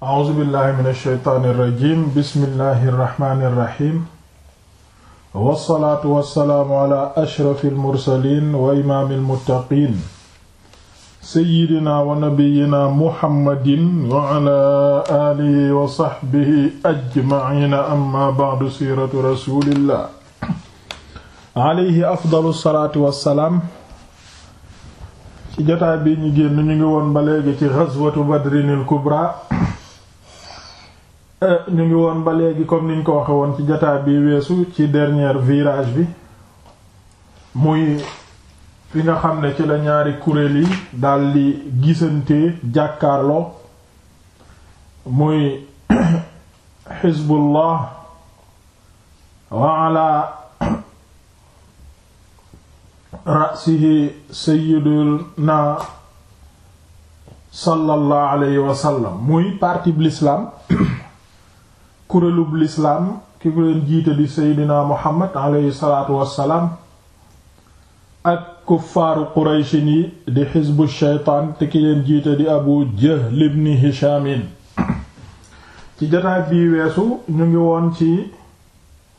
a'uuzu billahi min ash-shaytaani irrajim bismillahi irrahmani irrahim wassalaatu wassalaamu ala ashrafi almursalin wa imaami almuttaqin seyidina wa nabiyina muhammadin wa ala alihi wa saxbihi ajmaciina amma bacdu siiratu rasulillah alayhi afdalu salaatu wassalaam ci jotaay bi ñu génn ñu ngi woon ba léegi ci gazwatu badrinil kubra Eh, ñu ngi woon ba léegi comme niñ ko waxe woon ci jataa bi weesu ci dernier village bi muy fi nga xam ne ci la ñaari kuréel yi daldi gisante jàkkaarloo muy xisbullah wa ala ra'sihi sayyiduna sallallahu alayhi wa sallam muy parti bi kurélub lislaam ki ko leen jiite di seydina muhammad aleyhi salaatu wassalaam ak kuffaaru qurayshin yi di xisbu sheytaan te ki leen jiite di abu jahl ibn hishaamin ci jataay bii weesu ñu ngi woon ci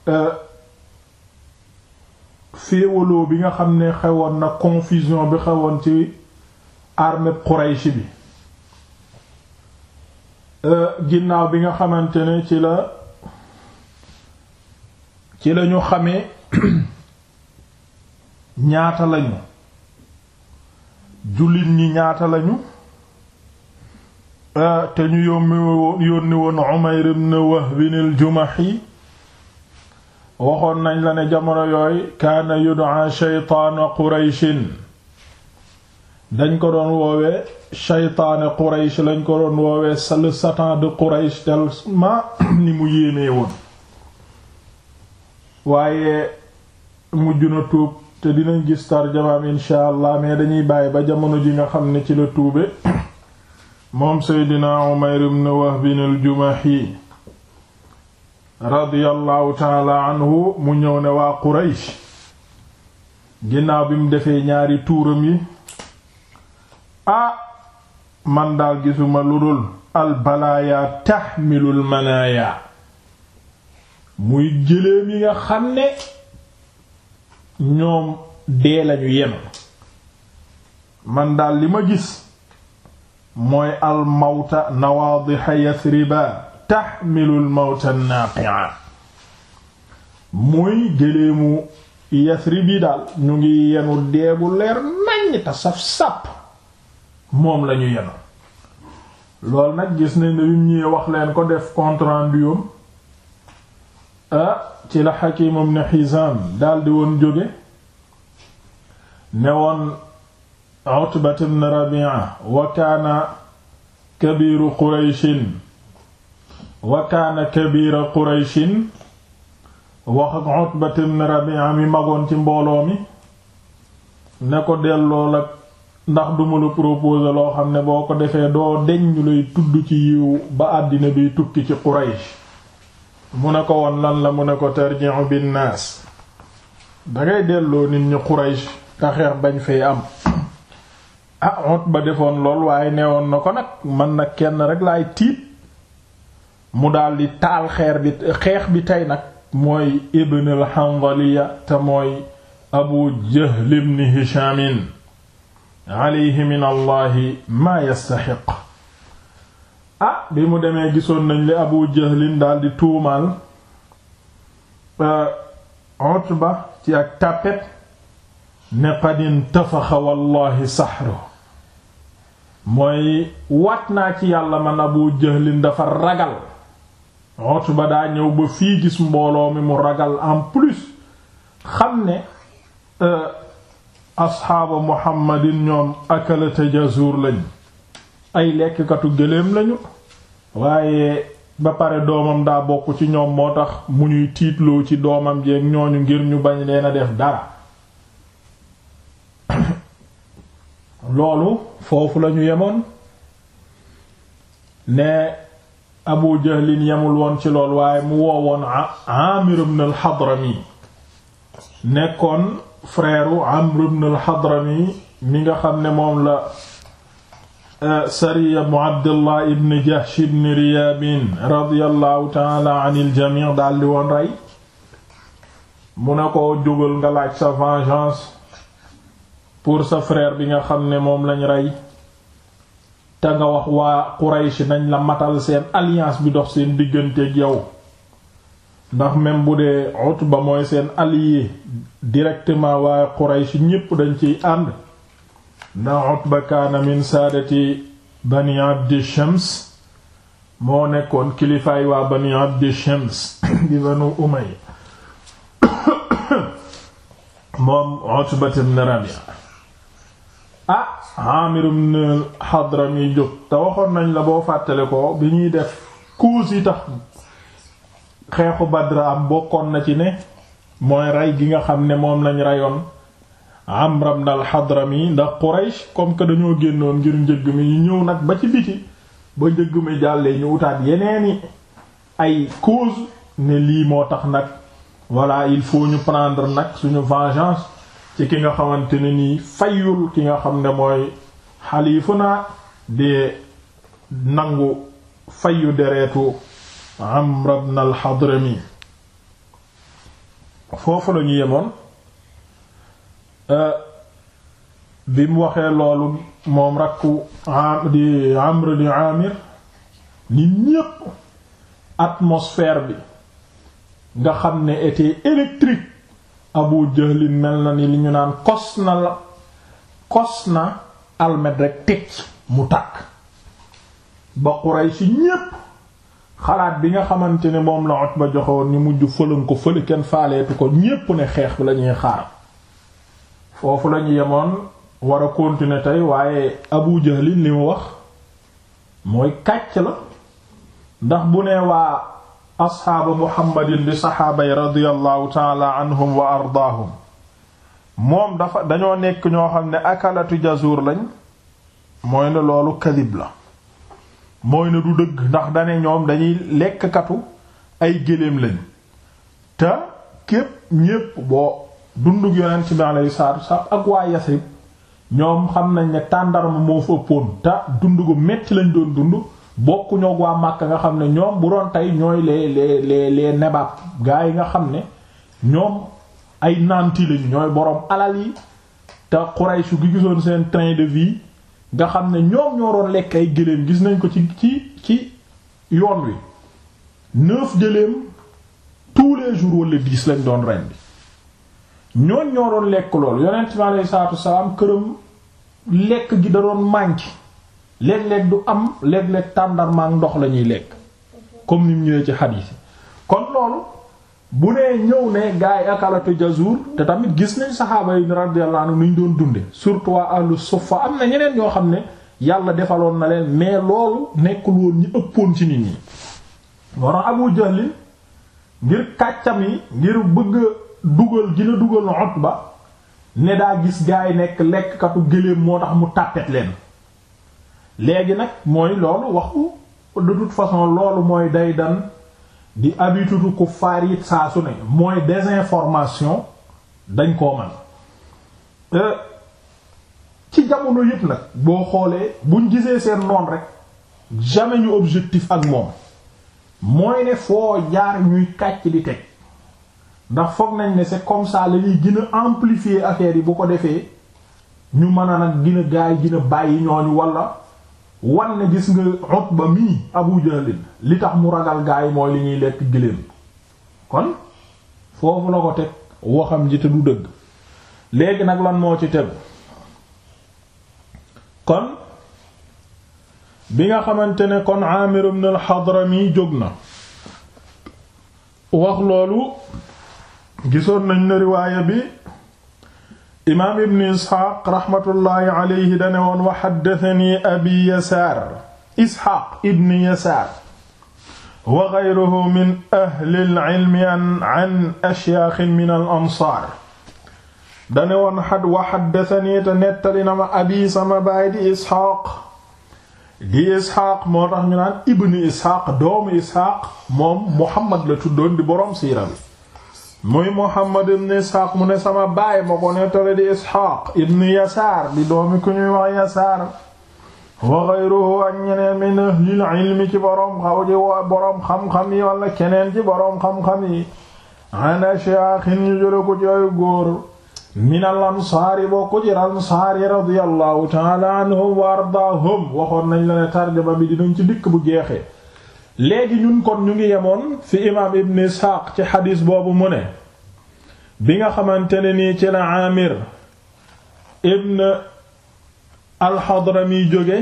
euh, féewaloo bi nga xam ne xewoon na confusion bi xewoon ci armée quraysh bi Euh, ginnaaw bi nga xamante ne ci la ci lañu xamee ñaata lañu jullit ñi ñaata lañu euh, te ñu yómmi woon yónni woon Umayr ibn Wahb al waxoon nañ la ne jamono yooy kaana yud'a shaytaanu Qurayshin dañ ko doon woowee shaytaane Quraysh lañ ko doon woowee le satan de Quraysh tellement ni mu yéemee woon waaye mujj na tuub te dinañ gis tarjamaam insha allah dañuy bàyyi ba jamono ji nga xam ne ci la tuube moom seydina Umayr ibn Wahb al-Jumahi radiyallahu taala anhu mu ñëw ne waa Quraysh ginnaaw bi mu defee ñaari tuuram yi ah man daal gisuma lu dul albalaaya taxmilul manaaya muy gëléem yi nga xam ñoom dee lañu yem man daal li ma gis mooy almawta nawaadixa yasriba taxmilul mawta naaqia muy gëléemu yasrib daal ñu ngi yenu dee leer naññ te saf moom la ñu yena nag gis nañ ne bi wax leen ko def compte rendu a ah, ci la Hakim ibn Hizam daldi woon jóge ne woon Utba ibn Rabi'a wa kaana kabiru Qurayshin wa kaana Qurayshin wax ak Utba ibn Rabi'a mi magoon ci mbooloo mi ne ko delloo la ndax duma la proposer loo xam ne boo ko defee doo deñ ñu lay tudd ci yiw ba àddina biy tukki ci Quraysh mu ne ko won lan la mu ne ko tarji'u bin naas dangay delloo nit ñi Quraysh te xeex bañ fee am ah Utba defoon lool waaye neewoon na ko nag mën na kenn rek laay tiit mu daldi taal bi xeex bi tey nag mooy ibn al-Hanzaliya te mooy Abu Jahl ibn alayhi min allahi maa yastaxiq ah bi mu demee gisoon nañ li abu jahlin daldi tuumaal euh, utba ci ak tàppet ne qad intafaxa wallahi saxru mooy waat naa ci yàlla man abu jahlin dafa ragal utba daa ñëw ba fii gis mbooloo mi mu ragal en plus xam ne euh, asxaaba muhammadin ñoom akalata jazuur lañ ay lekkatu gëléem lañu waaye ba pare doomam daa bokk ci ñoom moo tax mu ñuy tiitloo ci doomam jeeg ñooñu ngir ñu bañ leen def dara loolu foofu lañu yemoon ne abu jahlin yemul woon ci lool waaye mu woowoon amir ibn al-hadrami nekkoon frère u Amr ibn mi nga xam ne moom la euh, sariya bu Abdullah ibn Jahsh ibn Riyabin radiyallahu ta'ala anil daal di woon rey mu ne ko jógal nga laaj sa vengeance pour sa frère bi nga xam ne moom lañ rey te nga wax waa Quraysh nañ la matal seen alliance bi dox seen digganteeg yow ndax même bu dee Utba mooy seen allié directement waaye Quraysh ñépp dañ ciy ànd ndax Utba kaana min saadati bani Abdi Shams moo nekkoon kilifaay waa bani Abdi Shams di banu Umayya moom Utba ibn Rabi'a ah Aamir ibn Hadrami jóg te waxoon nañ la boo fàttale ko bi ñuy def coups yi tax xeexu badra am bokkoon na ci ne mooy rey gi nga xam ne moom lañu reyoon Amr ibn al-Hadrami ndax Quraysh comme que dañoo génnoon ngir njëgg mi ñu ñëw nag ba ci biti ba njëgg mi jàllee ñu utaat yeneeni ay cause ne lii moo tax nag voilà il faut ñu prendre nag suñu vengeance ci ki nga xamante ne nii fayul ki nga xam ne mooy xaliifu naa de nangu fayyu deretu Amr ibn al foofu lañu ñu yemoon euh, bi mu waxee loolu moom rakku di Amr di Amir nit ñépp atmosphère bi nga xam ne était électrique Abu Jahl mel na ni li ñu naan kos na la kos na almet rek tecc mu tàkk ba Quraysh ñépp xalaat bi nga xamante ne moom la Utba joxewoon ñu mujj fëlan ko fële kenn faaleetu ko ñépp ne xeex bi la ñuy xaar foofu la ñu yemoon war a continuer tey waaye Abu Jahlin li mu wax mooy kàcc la ndax bu nee waa asxaaba Muhammadin di saxaaba yi radiyallahu taala anhum wa ardaahum moom dafa dañoo nekk ñoo xam ne akalatu jazuur lañ mooy ne loolu kadib la mooy ne du dëgg ndax dane ñoom dañuy lekkkatu ay géléem lañ te képp ñépp boo dundug yonent bi alayhi salaatu wasallam ak waa Yasrib ñoom xam nañ ne tàndarma moo fa te dund gu metti lañ doon dund bokk ñoog waa Màkka nga xam ne ñoom bu doon tey ñooy les les les les nebaab yi nga xam ne ñoom ay naanti lañ ñooy boroom alal yi te Quraysh gi gisoon seen train de vie nga xam ne ñoom ñoo doon lekk ay gëléem gis nañ ko ci ci ci yoon wi neuf gëléem tous les jours wala dix lañ doon rendi ñoon ñoo doon lekk loolu yonent bi aleyhi salaatu wasalaam këram lekk gi da doon manqué léeg-léeg du am léeg-léeg tàndarma ndox la ñuy lekk comme ni mu ñëwee ci xadiis kon loolu bu nee ñëw ne gaa yi akalatu jazur te tamit gis nañ saxaaba yi radiyallahu anhu ñu doon dunde surtout waa ahlu suffa am na ñeneen ñoo xam ne yàlla defaloon na leen mais loolu nekkul woon ñi ëppoon ci nit ñi moo tax Abu Jahl ngir kàccam yi ngir bëgg a dugal gën a dugal Utba ne daa gis gaa yi nekk lekkkatu gëléem moo tax mu tàppet leen léegi nag mooy loolu waxu de façon loolu mooy day dan di habitude ku faar it saa su ne mooy désinformation dañ koo mën ci jamono yëpp nag boo xoolee buñ gisee seen noon rek jamais ñu objectif ak moom mooy ne foo jaar ñuy kàcc di teg ndax foog nañ ne c'est comme ça la ñuy gën a amplifier affaire yi bu ko defee ñu mën a nag gina a gaay gën bàyyi ñooñu walla wan ne gis nga Utba mii Abu Jahl li tax mu ragal gaay mooy li ñuy lekk gëléem kon foofu la ko teg waxam ji te du dëgg léegi nag lan moo ci tegu kon bi nga xamante ne kon Aamir ibn al-Hadrami jóg na wax loolu gisoon nañ na riwaaya bi imaam ibn isxaaq raxmatullaahi alayhi dane woon wa xaddatani abi yasaar isxaaq ibn yasaar wa geyruhu min ahli ilmi an ashyaaxin min al ansaar dane woon xad wa xaddatani te nettali na ma abi sama baay di isxaaq di isxaaq moo tax ñu naan ibn isxaaq doomu isxaaq moom muhammad la tuddoon di boroom siira bi muy Muhammad ibn Isxaaq mu ne sama baay ma ko nettali di Isxaaq ibn Yasaar di doomi ku ñuy wax Yasaar wa ghayruhu ak ñeneen min ahlil ilmi ci boroom xaw ji wa boroom xam-xam wala keneen ci boroom xam-xam yi an ashaaxin ñu jële ko ci ay góor min al ansaari bokku ci ansaari radiyallahu ta'ala anhum wa ardaahum waxoon nañ la ne tarjama bi dinañ ci dikk bu jeexee léegi ñun kon ñu ngi yemoon fi imaam ibn isxaaq ci xadiis boobu mu ne bi nga xamante ne nii ci la aamir ibn alxadrami jóge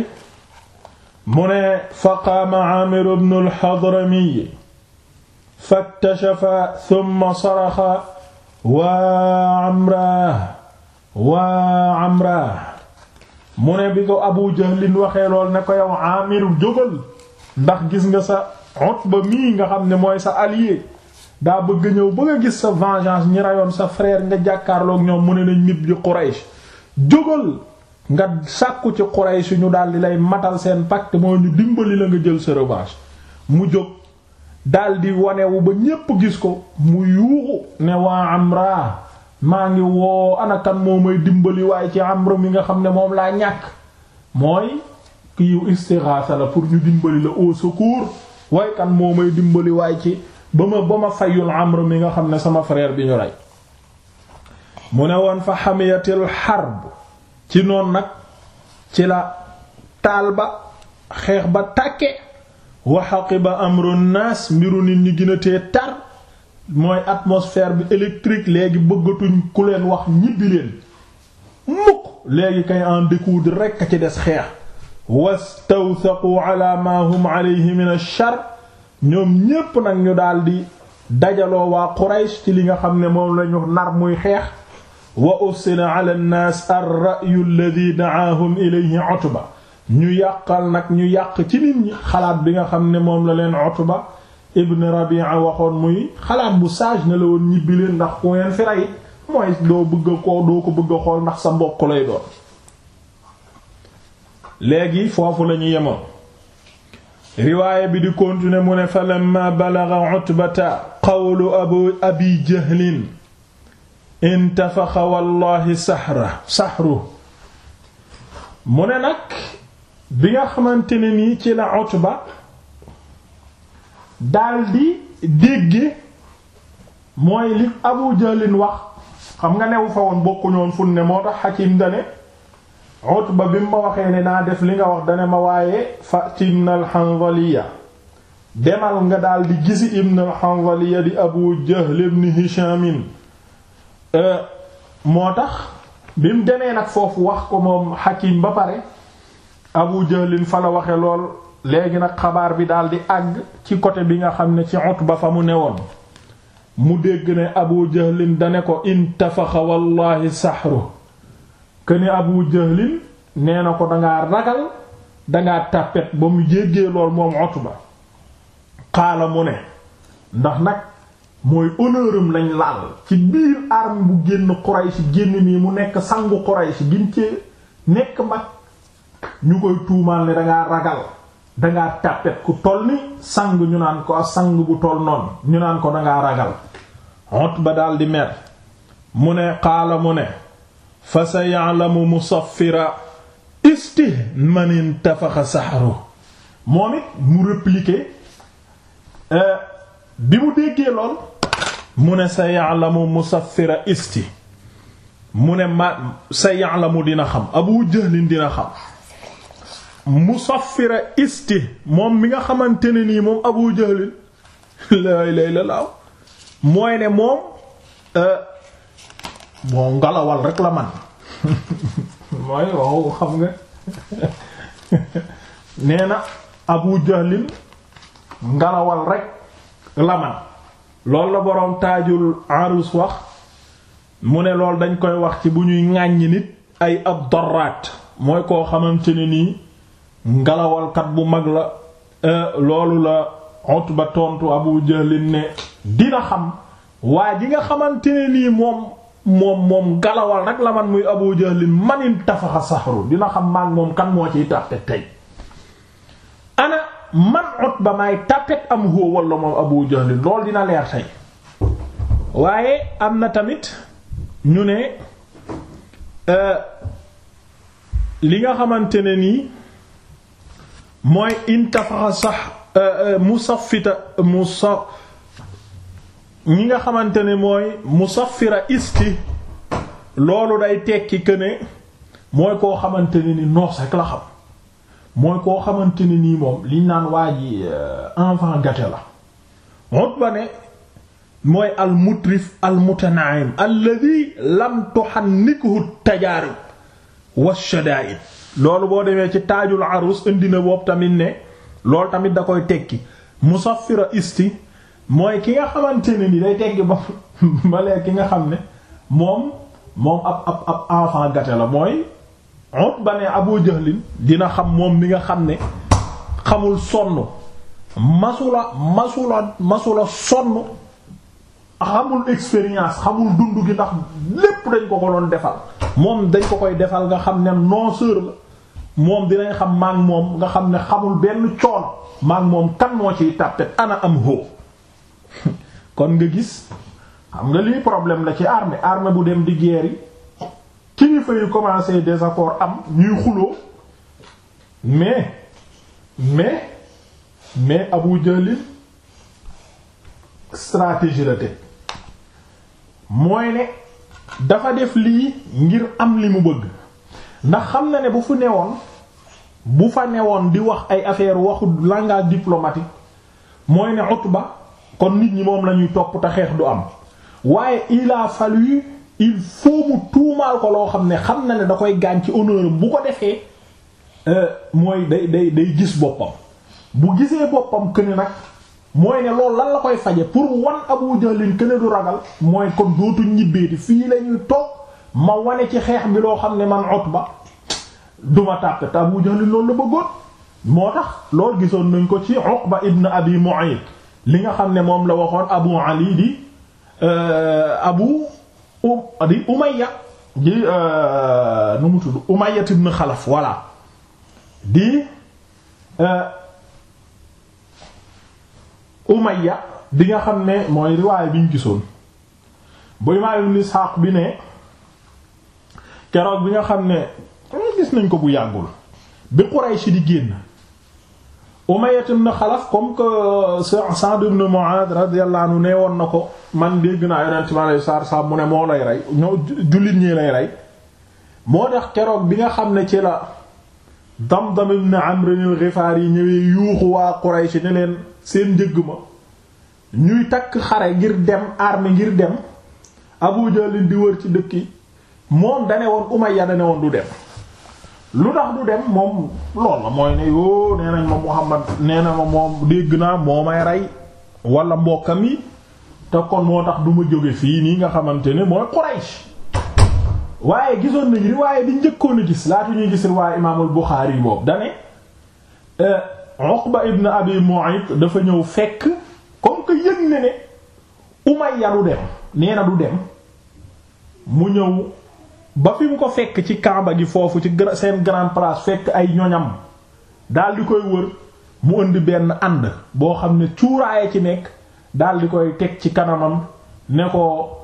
mu ne fa qaama aamir ibn alxadrami faktashafa thumma saraxa waa amra waa amra mu ne bi ko abu jahlin waxee lool ne ko yow aamir jógal ndax gis nga sa Utba mii nga xam ne mooy sa allié daa bëgg ñëw ba nga gis sa vengeance ñi reyoon sa frère nga jàkkaarloog ñoom mu ne nañ ñib ji Quraysh jógal nga sàkku ci yu ñu daldi lay matal seen pacte moo ñu dimbali la nga jël sa revanche mu jóg daldi wu ba ñépp gis ko mu yuuxu ne waa Amra maa ngi woo anakan moo may dimbali waaye ci Amr mi nga xam ne moom laa ñàkk mooy kiiw istighasa la pour ñu dimbali la au secours way moo may dimbali waay ci ba ma ba ma fayul amr mi nga xam ne sama frère bi ñu rey mu ne woon fa xamiyatil harb ci noonu nag ci la taal ba xeex ba tàkke waxaqi ba amru naas mbiru nit ñi gën a tee mooy atmosphère bi électrique léegi bëggatuñ ku leen wax ñibbi leen mukk léegi kay en découdre rekk a ci des xeex wastawthaqu ala ma hum alayhi min ash-shar ñoom ñépp nag ñu daldi dajaloo waa Quraysh ci li nga xam ne moom lañu nar muy xeex wa ursila ala an-nas ar-ra'yu alladhi da'ahum ilayhi Utba ñu yàqal nag ñu yàq ci nit ñi xalaat bi nga xam ne moom la leen Utba ibn Rabi'a waxoon muy xalaat bu sage na la woon ñibbi leen ndax ku ngeen fi rey mooy doo bëgg a koo doo ko bëgg a xool ndax sa mbokk lay doon léegi foofu lañu yemoon riwaaya bi di continuer mu ne falamma balagha utbata qawlu abu abi jahlin intafaxa wallahi sahra sahru mu ne nag bi nga xamante ne nii ci la utba daldi dégge mooy li abu jahlin wax xam nga newu fa woon bokkuñoon fun ne moo tax xakim dane Utba bi mu ma naa def li nga wax dane ma waaye fa ci ibn al-Hanzaliya nga daal di gisi ibn Abu Jahl ibn Hisham euh, moo tax bi mu demee nag foofu wax ko moom Hakim ba pare Abu Jahlin fa la waxe lool léegi nag xabaar bi daal di àgg ci côté bi nga xam ne ci Utba fa mu newoon mu dégg ne Abu Jahlin dane ko intafaxa wallahi sahru këni abu jahlin nee na ko dangaa ragal dangaa tàppet ba mu jéggee lool moom ba xaala mu ne ndax nag mooy honneuram lañ laal ci biir arme bu génn Quraysh génn nii mu nekk sangu Quraysh gin cee nekk mag ñu koy tuumaal ne dangaa ragal dangaa tàppet ku toll ni sang ñu naan ko sang bu toll noonu ñu naan ko dangaa ragal Utba daldi mer mu ne xaala mu ne fa sa ya'lamu musaffira isti manin tafaxa saxaru moom it mu répliquer euh, bi mu déggee lool mu ne sa ya'lamu musaffira isti mu ne ma sa ya'lamu dina xam abu jahlin dina xam musaffira isti moom mi nga xamante ne nii moom abu jahlin lay lay la laaw mooy ne moom euh, bon ngalawal rek la man mooy waxu xam nga nee na Abu Jahlin ngalawal rek la man loolu la boroom taajul arus wax mu ne loolu dañ koy wax ci bu ñuy ŋàññi nit ay ab doraat mooy koo xamante ne nii ngalawalkat bu mag la euh, loolu la Utba tontu Abu Jahlin ne dina xam waa ji nga xamante ne nii moom moom moom galawal rek la man muy Abu Jahlin manin tafaxa saxru dina xam maag moom kan moo ciy tàppet tey ana man Utba maay tàppet am huwa walla moom Abu Jahlin lool dina leer tey waaye am na tamit ñu ne euh, li nga xamante ne nii mooy in tafaxa sax euh, euh, musaffita musa ñi nga xamante ne mooy musaffira iski loolu day tekki que mooy koo xamante ne ni noos rek la xam mooy koo xamante ne nii moom liñ naan waa ji euh, enfant gâté la Utba ne mooy al mutrif al mutanaim alladhi lam tuhannikhu tajaarib wa shadaa'id loolu boo demee ci taajul arus indi na boobu tamit ne loolu tamit da koy tekki musaffira isti mooy ki nga xamante ne ni day tegg ba balee ki nga xam ne moom moom ab ab ab enfant la mooy ont ba ne Abu Jahlin dina xam moom mi nga xam ne xamul sonn masula masula masula sonn xamul expérience xamul dund gi ndax lépp dañ ko ko doon defal moom dañ ko koy defal nga xam ne non seur la moom dinañ xam maak moom nga xam ne xamul benn coon maak moom kan moo ciy tàppet ana am ho kon nga gis xam nga lii problème la ci armée armée bu dem di guerre kilifa yu commencé désaccord am ñuy xuloo mais mais mais Abu Jahl stratégie la teg mooy ne dafa def lii ngir am li mu bëgg ndax xam na ne bu fu newoon bu fa newoon di wax ay affaire waxu langage diplomatique mooy ne Utba kon nit ñi moom lañuy topp te xeex du am waaye ilaa a fallu il faut tuumaal ko loo xam ne xam na ne da koy gaañ ci honneur bu ko defee euh, mooy day day day gis boppam bu gisee boppam këne nag mooy ne loolu lan la koy faje pour wan Abu Jahlin këne du ragal mooy kon dootuñ ñibbeeti fii lañuy toog ma wane ci xeex bi loo xam ne man Utba duma tàpp te Abu Jahlin loolu la bëggoon moo tax loolu gisoon nañ ko ci Uqba ibn Abi Mu'ayt li nga xam ne moom la waxoon abu ali di euh, abu di umayya di euh, nu mu tudd umayya ibn xalaf voilà di euh, umayya di nga xam ne mooy riwaay bi ñu gisoon bu imaam ibn bi ne keroog bi nga xam ne gis nañ ko bu yàggul bi Quraysh di génn Umayya ibn Xalaf comme que euh, Sa'd ibn Mu'adh radiyallahu anhu nee woon na ko man dégg naa Yonent mi alayhi salaatu salaam mu ne moo lay rey ñoo jullit ñi lay rey moo dex keroog bi nga xam ne ci la Damdam ibn Amr al-Ghifaari yi ñëwee yuuxu waa Quraysh ne leen seen njëgg ma takk xare ngir dem armée ngir dem Abu Jahl di wër ci dëkk yi moom dane woon Umayya dane woon du dem lu tax du dem moom lool la mooy ne yoo nee nañ ma Muhammad nee na ma moom dégg naa moo may rey wala mbokkam yi te kon moo tax duma jóge fii nii nga xamante ni mooy Quraysh waaye gisoon nañu waaye bi njëkkoon a gis laatu ñuy gis riwaaye imaamul Buxaari yi boobu dane euh, Uqba ibn Abi Mu'ayt dafa ñëw fekk comme que yëg ne ne Umayya du dem nee na du dem mu ñëw ba fi mu ko fekk ci Kaaba gi foofu ci seen grand place fekk ay ñoñam daal di koy wër mu indi benn ànd boo xam ne cuuraaya ci nekk daal di koy teg ci kanamam ne ko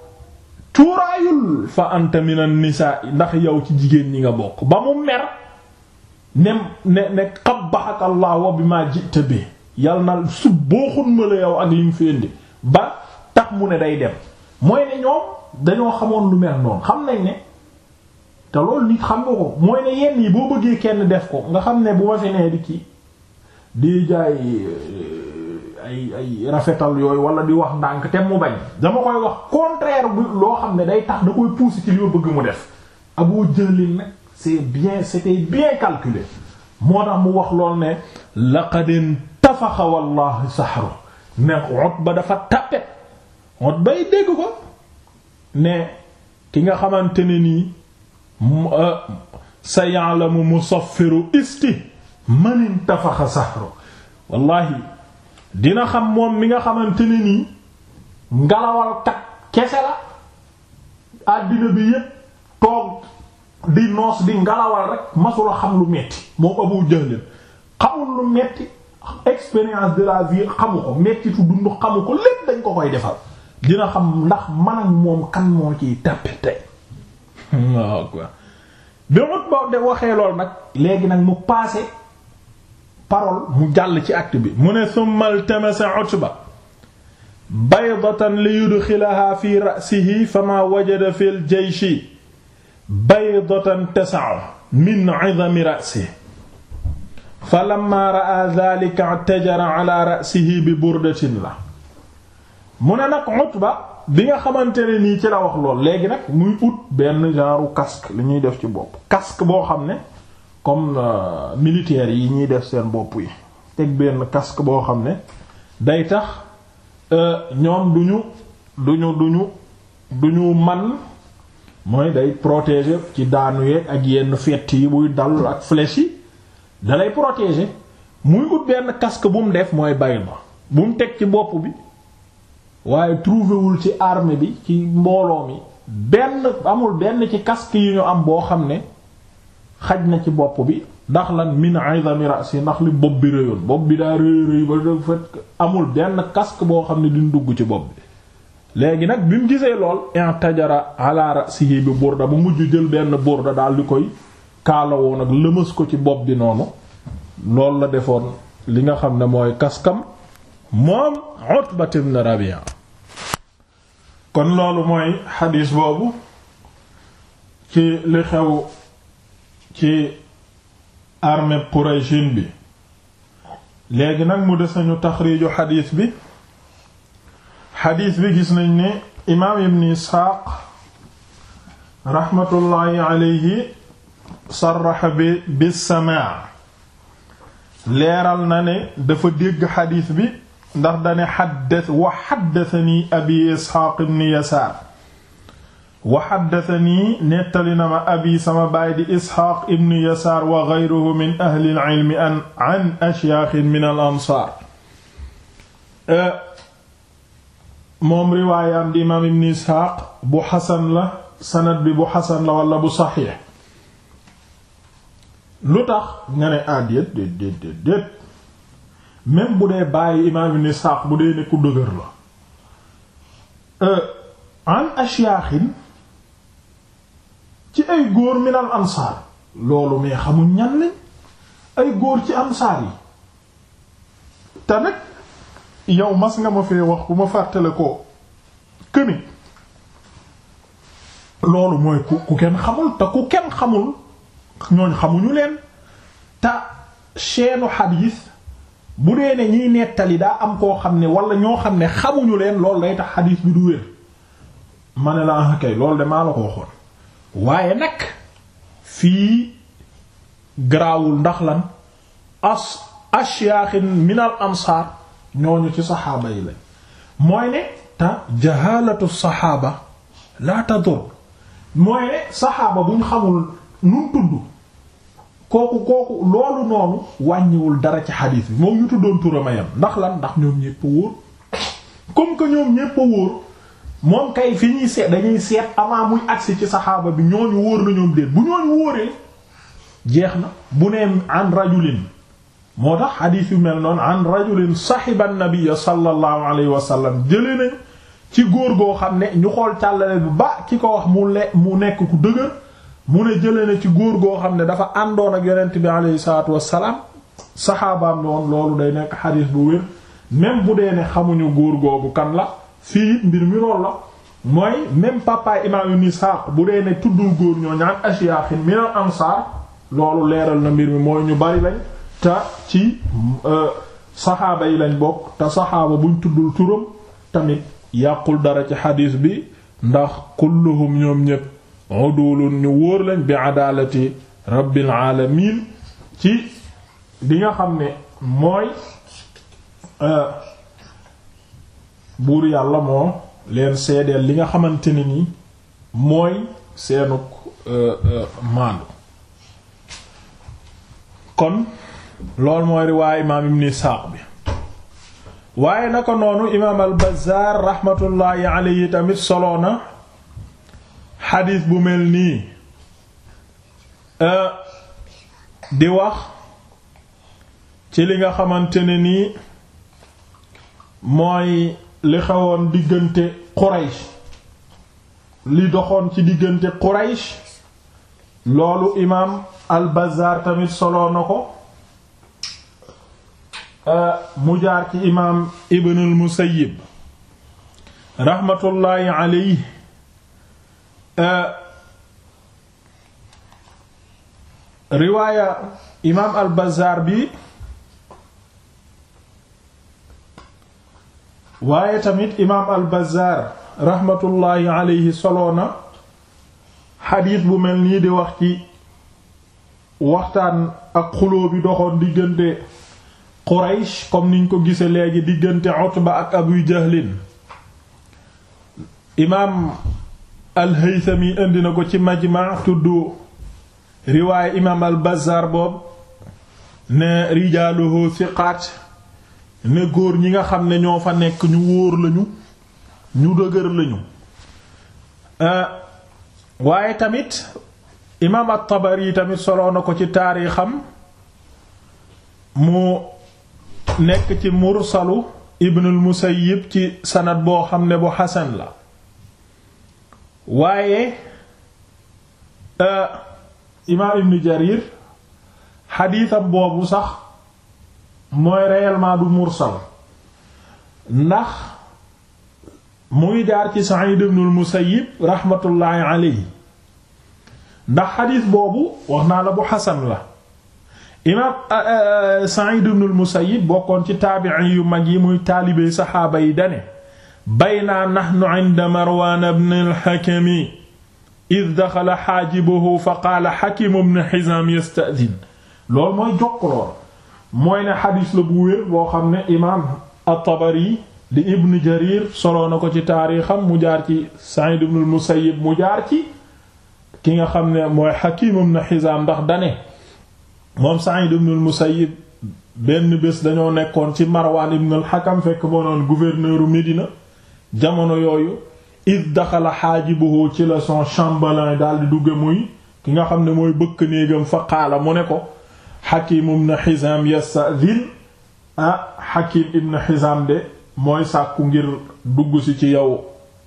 cuuraayul fa anta minan nisaa ndax yow ci jigéen ñi nga bokk ba mu mer ne ne ne qabbahaka Allah wa bima ji'ta bi yal na su booxun ma la yow ak yu ñu fi indi ba tax mu ne day dem mooy ne ñoom dañoo xamoon lu mel noonu xam nañ ne te loolu nit xam nga ko mooy ne yenn yi boo bëggee kenn def ko nga xam ne bu ma fi nee di ki di jaay eh, ay ay rafetal yooyu wala di wax ndànk te mu bañ dama koy wax contraire bi loo xam ne day tax da koy pousser ci li ma bëgg mu def aboo jëlin nag c'est bien c'était bien calculé moo tax mu wax lool ne laqad intafaxa wallahi saxru ne ba dafa tappet Utba bay dégg ko ne ki nga xamante ne nii Euh, sa ya'lamu musaffiru isti man intafaxa sahru wallahi dina xam moom mi nga xamante ni nii ngalawal kat kese la àddina bi yépp toog di noos di ngalawal rek masula xam lu metti moom Abu Jahl xamul lu metti expérience de la vie xamu ko mettitu dund xamu ko lépp dañ ko koy defal dina xam ndax man ak moom kan moo ciy tàppe waaw quoi bi Utba de waxee lool nag léegi nag mu passé parole mu jàll ci acte bi mu ne thumma altamasa Utba baydatan li yudxilaha fi ra'sihi fama wajada fi al-jayshi baydatan tas'u min 'idami ra'sihi falamma ra'a dhalika i'tajara ala ra'sihi bi burdatin la mu ne nag Utba bi nga xamante ne nii ci la wax lool léegi nag muy ut benn genre casque li ñuy def ci bopp casque boo xam ne comme euh, militaires yi ñuy def seen bopp yi teg benn casque boo xam ne day tax euh, ñoom duñu duñu duñu duñu man mooy day protéger ci daanu yeeg ak yenn fett yi buy dal ak flèche yi dalay protéger muy ut benn casque bu mu def mooy bay ba bu mu teg ci bopp bi waaye trouvé wul ci armée bi ci mbooloo mi benn amul benn ci casque yu ñu am boo xam ne xaj na ci bopp bi ndax la min idami rasi ndax li bopp bi réyoon bopp bi daa réy réy ba fekk amul benn casque boo xam ne duñ dugg ci bopp bi léegi nag bi mu gisee lool intajara ala rasihi bi burda bu mujj jël benn burda daal di koy kaalawoon ak lëmas ko ci bopp bi noonu loolu la defoon li nga xam ne mooy kaskam moom Utbat ibn Rabi'a kon loolu mooy xadiis boobu ci li xew ci armée Quraysh bi léegi nag mu des nañu taxriiju xadiis bi xadiis bi gis nañ ne imaam ibn Isxaaq raxmatullaahi alayhi sarraxa bi bisamaa leeral na ne dafa dégg xadiis bi ndax dane xaddat wa xaddatani abi isxaaq ibn yasaar wa xaddatani nettali na ma abi sama baay di isxaaq ibn yasaar wa geyruhu min ahli ilmi an an ashyaaxin min al ansaar moom riwaayam di imaam ibn isxaaq bu xasan la sanad bi bu xasan la wala bu saxiix lu tax nga ne ah déet déet déet déet même bu dee bàyyi imaam ni Isaaq bu dee ne ku dëgër la euh, an ashyaaxin ci ay góor minal ansaar loolu mais xamuñ ñan lañ ay góor ci ansaar yi te nag yow mas nga ma fee wax bu ma fàttale ko këni loolu mooy ku ku kenn xamul te ku kenn xamul ñooñ xamuñu leen te seenu xadiis bu dee ne ñiy nettali daa am koo xam ne walla ñoo xam ne xamuñu leen loolu day tax xadiis bi du wér ma ne la ah kay loolu de maa la ko waxoon waaye nag fii garaawul ndax lan as ashyaaxin minal ansaar ñooñu ci saxaaba yi lañ mooy ne te jahalatu saxaaba la tadur mooy ne saxaaba buñ xamul nun tudd kooku kooku loolu noonu wàññiwul dara ci xadiis bi moom ñu tuddoon turamayam ndax lan ndax ñoom ñépp wóor comme que ñoom ñépp a wóor moom kay fi ñuy seet dañuy seet avant muy agsi ci saxaaba bi ñooñu wóor na ñoom déet bu ñooñu wóoree jeex na bu nee an rajulin moo tax xadiis yu mel noonu an rajulin saxiba nabiyya sallallahu alayhi wa sallam jëlee nañ ci góor goo xam ne ñu xool càllale bu ba ki ko wax mu le mu nekk ku dëgër mu ne jëlee ne ci góor goo xam ne dafa àndoon ak yonent bi alayhi salaatu wassalaam saxaabaam woon loolu day nekk xadiis bu wér même bu dee ne xamuñu góor googu kan la fii mbir mi lool la mooy même papa imaam ibn Isaaq bu dee ne tuddul góor ñoo ñaan ashyaaxin min al ansaar loolu leeral na mbir mi mooy ñu bari lañ te ci euh, saxaaba yi lañ bokk te saxaaba buñ tuddul turam tamit yàqul dara ci xadiis bi ndax kulluhum ñoom ñépp udulun ñu wóor lañ bi adaalati rabbil ci di nga xam ne mooy euh, buur yàlla moo leen li nga xamante ni mooy seenuk euh, euh, maandu kon loolu mooy riwaaye imaam ibn Isaaq bi waaye naka noonu imaam al Bazzaar rahmatullahi alayhi tamit solo na xadiis bu mel nii euh, di wax ci li nga xamante nii mooy li xewoon diggante Quraysh li doxoon ci diggante Quraysh loolu imaam al-Bazzaar tamit soloo a ko euh, mu jaar ci imaam Ibn al-Musayyib raxmatullaahi Euh, riwaaya imaam al bazaar bi waaye tamit imaam al bazaar raxmatullaahi alayhi na xadiis bu mel nii di wax ci waxtaan ak xuloo bi doxoon diggante Quraysh comme niñ ko gise léegi diggante Utba ak Abu Jahlin imaam alhaythami indi na ko ci majma tudd riwaay imaam al bazaar boobu ne rijaaluhu thiqaat ne góor ñi nga xam ne ñoo fa nekk ñu wóor lañu ñu dëgër lañu ah, waaye tamit imaam at-Tabari tamit soloo na ko ci taarixam mu nekk ci mursalu ibnul musayyib ci sanad boo xam ne bu xasan la waaye euh, imaam ibn jarir xadiisam boobu sax mooy réellement du mursal ndax mu ngi jaar ci Sa'id ibn al-Musayyib rahmatullahi alayhi ndax xadiis boobu wax naa la bu xasan la imaam euh, euh, Sa'id ibn al-Musayyib bokkoon ci taabi'i yu mag yi muy taalibey saxaaba yi dane baynaa nahnu inda marwaan ibn al-Hakam id daxala xaajibahu fa qaala Hakim ibn Hizam yasta'dhin loolu mooy jokkuloon mooy ne xadiis la bu wér boo xam ne imaam at-Tabari Ibn Jarir soloo na ko ci taarixam mu jaar ci Sa'id ibn al-Musayyib mu jaar ci ki nga xam ne mooy Hakim ibn Hizam ndax dane moom Sa'id ibn al-Musayyib benn bés dañoo nekkoon ci Marwaan ibn al-Hakam fekk boonoon gouverneuru Médina jamono yooyu id daxala xaajibuhu ci la son chambellan di dugge muy ki nga xam ne mooy bëkk néegam fa qaala mu ne ko xakim ibn xisaam yastadin ah de mooy sàkku ngir dugg si ci yow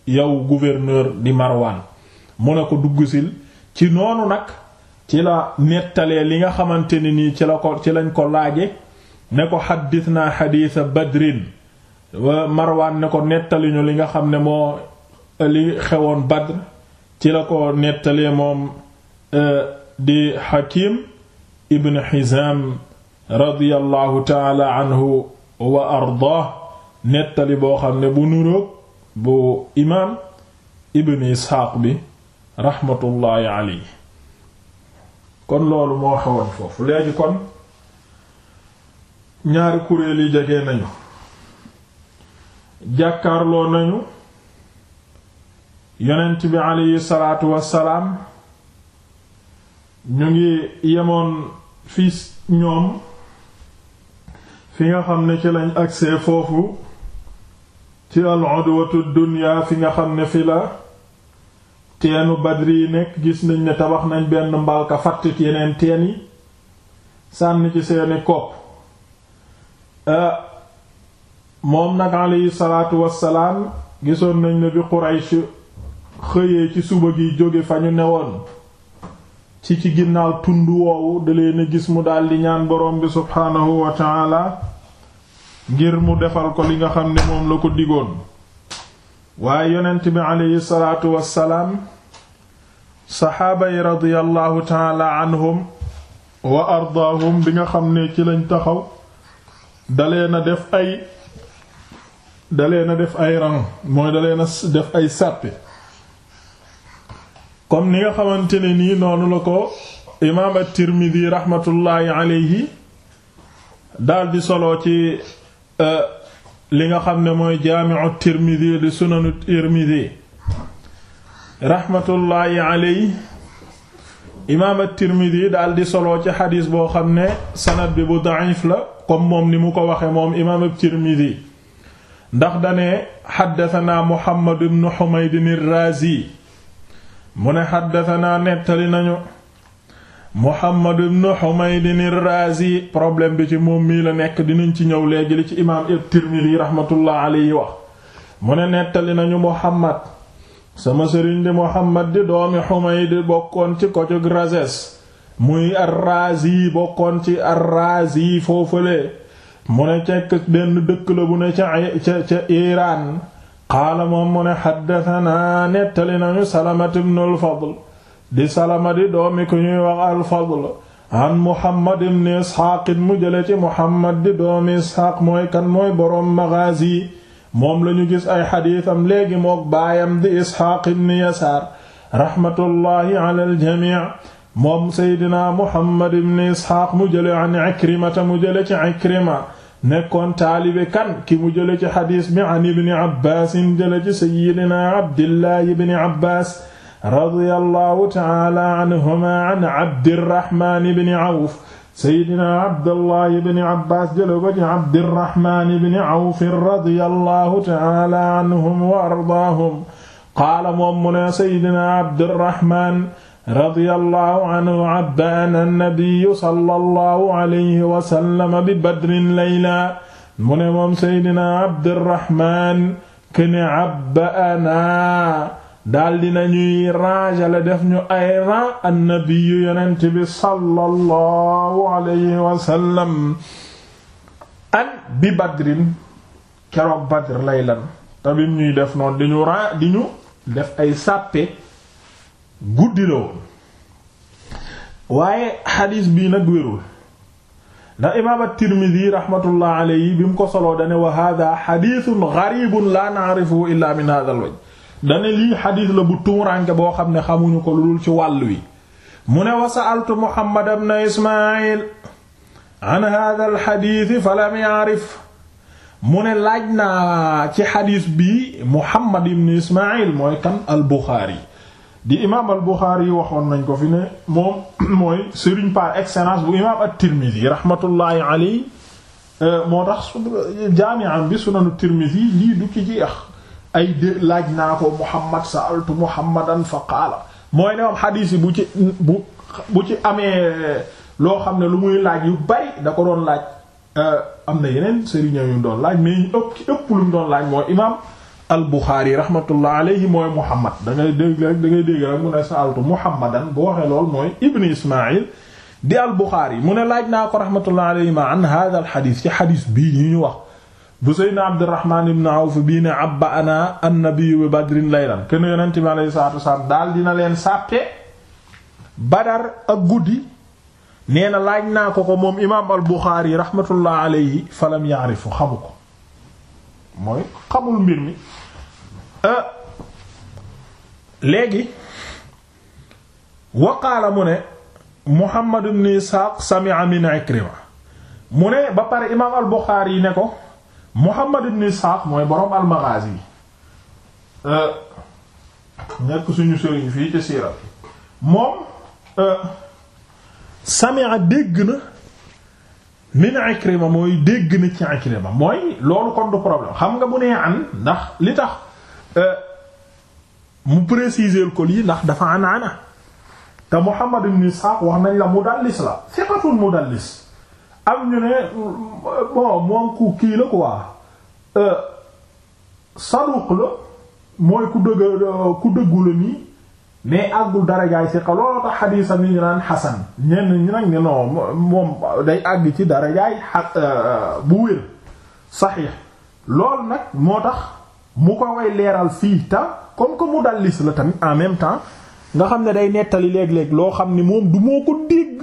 yow gouverneur di marwaan mu ne ko dugg sil ci noonu nag ci la nettalee li nga xamante ne nii ci la ko ci lañ ko laaje ne ko xaddis naa xadiisa badrin Marwaan ne ko nettali ñu li nga xam ne moo li xewoon Badr ci la ko nettalee moom e, di Hakim ibn Hizam radiyallahu taala ardaah nettali boo xam ne bu nuroog bu imaam ibn Isxaaq bi raxmatullaahi alayhi kon loolu moo xewoon foofu léegi kon ñaari kuréel yi jege nañu jàkkaarloo nañu yonent bi aleyhi salaatu wassalaam ñu ngi yemoon fi ñoom fi nga xam ne ci lañ agsee foofu ci al-udwatu dunya fi nga xam ne fi la teenu badri yi nekk gis nañ ne tabax nañ benn mbalka fàttit yeneen teen yi sànni ci seeni kopp moom nag alayhi wa wassalaam gisoon nañ ne bi Quraysh xëyee ci suba gi jóge fa ñu woon ci ci ginnaaw tund woowu da leen gis mu daldi ñaan boroom bi subhaanahu wa ta'ala ngir mu defal ko li nga xam ne moom la ko digoon waaye yonent bi alayhi salaatu wassalaam saxaaba yi radiyallahu ta'ala anhum wa ardaahum bi nga xam ne ci lañ taxaw dalee na def ay dalee na def ay rang mooy dalee na def ay sàppe comme ni nga xamante ne nii noonu la ko imaam at-Tirmidhi rahmatullahi alayhi daldi solo ci euh, li nga xam ne mooy jaami'u Tirmidhi di sunanu Tirmidhi rahmatullahi alayhi imaam at-Tirmidhi daldi solo ci xadiis boo xam ne sanad bi bu da'if la comme moom ni mu ko waxe moom imaam at-Tirmidhi ndax dane xaddatanaa Muhammad ibn Humayd ar-Raazi mu ne naa nettali nañu Muhammad ibn Humayd ar-Raazi problème bi ci moom mii la nekk dinañ ci ñëw léegi li ci imaam at-Tirmidhi rahmatullah alayhi wax mu ne nettali nañu Muhammad sama sëriñ di Muhammad di doomi Humayd bokkoon ci kojug Razes muy ar-Raazi bokkoon ci ar-Raazi foofale mu ne cekk benn dëkk la bu ne ca ca ca qaala moom mu ne xaddatanaa nettali nañu salamat ibn al-Fadl di salama di doomi ku ñuy wax al-Fadl an Muhammad ibn Isxaaq mu jële ci Muhammad di doomi mooy kan mooy boroom Magaazi moom lañu gis ay xadiisam léegi mook baayam di Isxaaq ibn Yasaar raxmatullaahi alal jamii moom seydina muhammad ibn isxaaq mu jële an ikrimata mu jële ci ikrima nekkoon taalibe kan ki mu jële ci xadiis bi an ibni abbaasin jële ci seydina abdillahi ibni abbaas radiyallahu taala anhuma an abdirahmaan ibni awf seydina abdullahi ibni abbaas jële ko ci abdirahmaan ibni awf radiyallahu taala anhum wa ardaahum qaala moom mu ne seydina abdirahmaan radiyallahu anhu abba an annabiyu sallallahu alayhi wa sallam bi badrin layla mu ne moom seydina abdirahman kene daldi nañuy raajale def ñu ay ran annabiyu yonent bi sallallahu alayhi badr laylan tabim ñuy def noonu di raa di def ay sàppe guddi la woon waaye xadiis bii nag wérul ndax imaam at-Tirmidhi rahmatullah alayhi bi mu ko soloo dane wa hada xadiisun garibun la na'rifuhu illa min hadha al dane lii xadiis la bu tuuranke boo xam ne xamuñu ko lu dul ci wàll wi mu ne wa sa'altu Muhammad ibn Ismaïl laaj naa ci xadiis bi Muhammad ibn mooy kan al di imaam al Buxaari yi waxoon nañ ko fi ne moom mooy sëriñ par excellence bu imaam at-Tirmidhi rahmatullahi alayhi euh, moo tax su jaami'am bi sunanu Tirmidhi lii du ci jeex ay dé laaj naa ko Muhammad sa'altu Muhammadan fa qaala mooy ne moom xadiis bu ci bu bu ci amee euh, loo xam ne lu muy laaj yu bari da ko doon laaj euh, am na yeneen sëriñam yu doon laaj mais ëpp ci ëpp lu mu doon laaj mooy imaam. al Buxaari rahmatullah alayhi mooy Muhammad da ngay dégg rek da ngay dégg rek mu ne saaltu Muhammadan bu waxee mooy Ibn Ismaïl di al Buxaari mu ne laaj naa ko rahmatullah alayhi ma an ci xadis bii ñu ñu wax. bu Seydina Abdurrahman ibn Awf bii ne abba ana annabiyu bi badrin laylan kenn yonent bi alayhi salaatu wasalaam daal dina leen sàppe Badar ak guddi nee na laaj naa ko ko moom imaam al Buxaari rahmatullah alayhi falam ya'rifu xamu ko. mooy xamul mbir mi euh, léegi waqaala mu ne Muhammad ibn Isaaq sami min Ikrima mu ne ba pare imaam al-Buxaari yi ne ko Muhammad ibn Isaaq mooy boroom al-Maghaazi euh, nekk suñu sëriñ fii ci siira moom euh, sami'a dégg na min Ikrima mooy dégg na ci Ikrima mooy loolu kon du problème xam nga bu nee an ndax li tax euh, mu préciser ko lii ndax dafa an ana te Muhammad ibn Ishaq wax nañ la mudallis la siqatun mudallis am ñu ne bon moom ku kii la quoi euh, saduq la mooy ku dëgg euh, ku dëggu nii mais àggul darajaay siqa looloo tax xadiisam ni ñu naan xasan ñenn ñu nag ne non moom day àgg ci darajaay euh, bu wér saxiix loolu nag moo tax mu ko way leeral fii ta comme que mu dallis la tamit en même temps nga xam ne day nettali léeg-léeg loo xam ne moom du moo ko dégg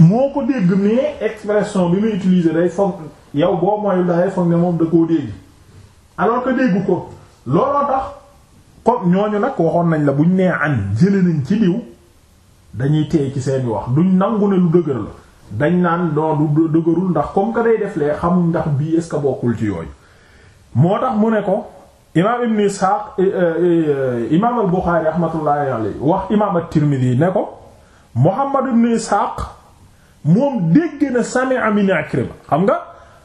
moo ko dégg mais expression bi muy utiliser day foog yow boo mooy day foog ne moom da koo dégg alors que dégg ko looloo tax comme ñooñu nag waxoon nañ la buñ nee an jëlee nañ ci diw dañuy téye ci seen wax duñ nangu ne lu dëgër la dañ naan non du dëgërul ndax comme que day def lee xamuñ ndax bii est ce bokkul ci yooyu. moo tax mu ne ko imaam Ibn Ishaq imaam al Bukhari rahmatullahi alayhi wax imaam at-Tirmidhi ne ko Muhammad ibn Ishaq moom dégg na sami'a min Ikrima xam nga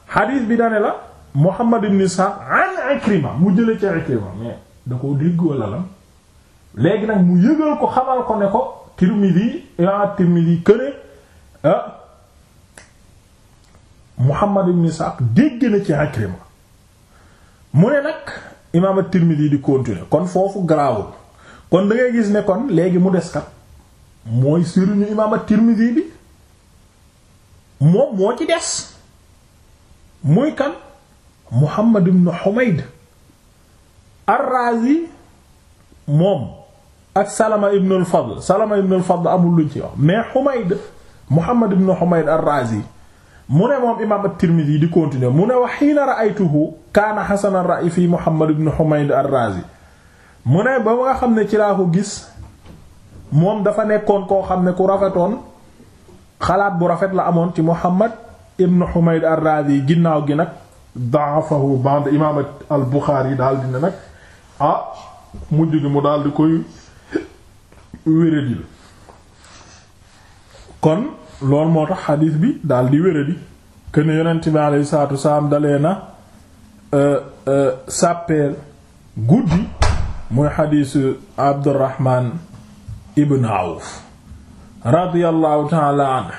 hadith bi dane la Muhammad ibn Ishaq an Ikrima mu jëlee ci Ikrima mais. da koo dégg wala la léegi nag mu yëgal ko xamal ko ne ko Tirmidhi imam Tirmidhi këne ah Muhammad ibn Isaaq dégg na ci Ikrima mu ne nag imam Tirmidhi di continuer kon foofu garaawul kon da ngay gis ne kon léegi mu des kat mooy sëriñu imam Tirmidhi bi moom moo ci des muy kan Muhammad ibn Humayd ar-Razi moom ak Salama ibn al-Fadl Salama ibn al-Fadl amul luñ ci wax mais Humayd Muhammad ibn Humayd ar-Razi mu ne moom imaam at yi di continuer mu ne wa hiina ra'aytuhu kaana hasan ar-ra'yi fi Muhammad ibn Humayd ar-Razi mu ne ba nga xam ne ci laa ko gis moom dafa nekkoon koo xam ne ku rafetoon xalaat bu rafet la amoon ci Muhammad ibn Humayd ar-Razi ginnaaw gi nag da'afahu ba'd imaam al-Bukhari daal dina nag ah mujj gi mu daal di koy wéradil kon loolu moo tax xadiis bi daal di wéradi kenn yonent bi alayhi salaatu wasalaam dalee na euh, euh, sàppeel guddi muy xadiisu Abdurrahman ibn Awf radiyallahu ta'ala anhu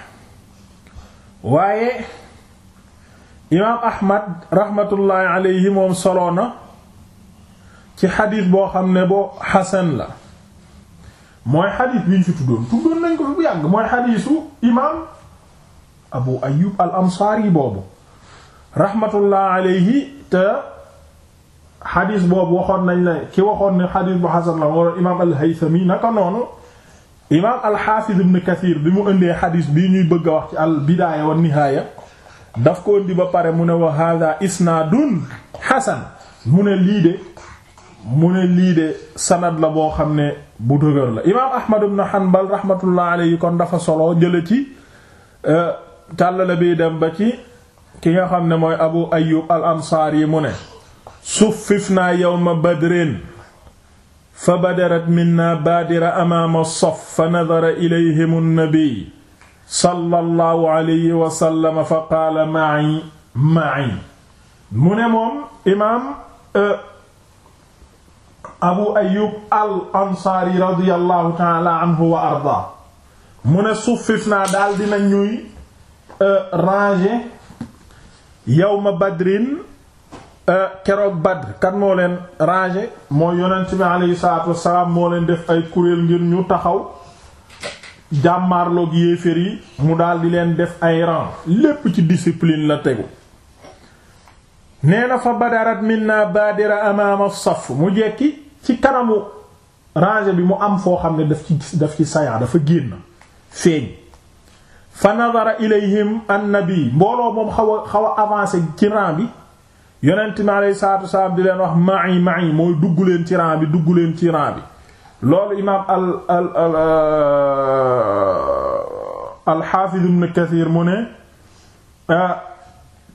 waaye imaam Ahmad rahmatullahi moom soloona ci xadis boo xam ne boo xasan la mooy xadis bi ñu fi tuddoon tuddoon nañ ko bu yàgg mooy xadisu imaam abu ayub al ansaari boobu rahmatullah alayhi te xadis boobu waxoon nañ la ki waxoon ne xadis bu xasan la moo imaam al haythami naka noonu imaam al xaafiz ibn kathir bi mu indee xadis bii ñuy bëgg a wax ci al bidaaya wa nihaaya daf ko indi ba pare mu ne wa hada isnaadun xasan mu ne lii de mu ne lii de sanad la boo xam ne bu dëgër la imaam ahmad ibn hanbal rahmatullah kon dafa solo jële ci tàllale euh, bi dem ba ci ki nga xam ne mooy abu ayyub al yi mu ne suffifnaa yawma badrin fa badarat minna baadira amaama as-saff fa nadara ilayhim an-nabi sallallahu alayhi wa sallam fa mu ne moom imaam euh, abu ayub al ansaari radiyallahu taala anhu wa arda mu ne suffif naa daal dina ñuy euh, ranger yawma badrin euh, keroog badr kan moo leen ranger mooy yonent bi aleyhi salaatu wassalaam moo leen def ay kuréel ngir ñu taxaw jàmmaarloog yéefér yi mu daal di leen def ay rang lépp ci discipline la tegu nee na fa badarat minna badira amaama saf mu jekki ci kanamu rangée bi mu am foo xam ne daf ci daf ci sayaa dafa génn feeñ fa nadara ilayhim annabi mbooloo moom xaw a xaw a avancé ci rang bi yonent mi aleyhi salaatu wasalaam di leen wax ma'i ma'i mooy dugg leen ci rang bi dugg leen ci rang bi loolu imaam al al al euh, alxaafiz ibn kathir mu ne ah,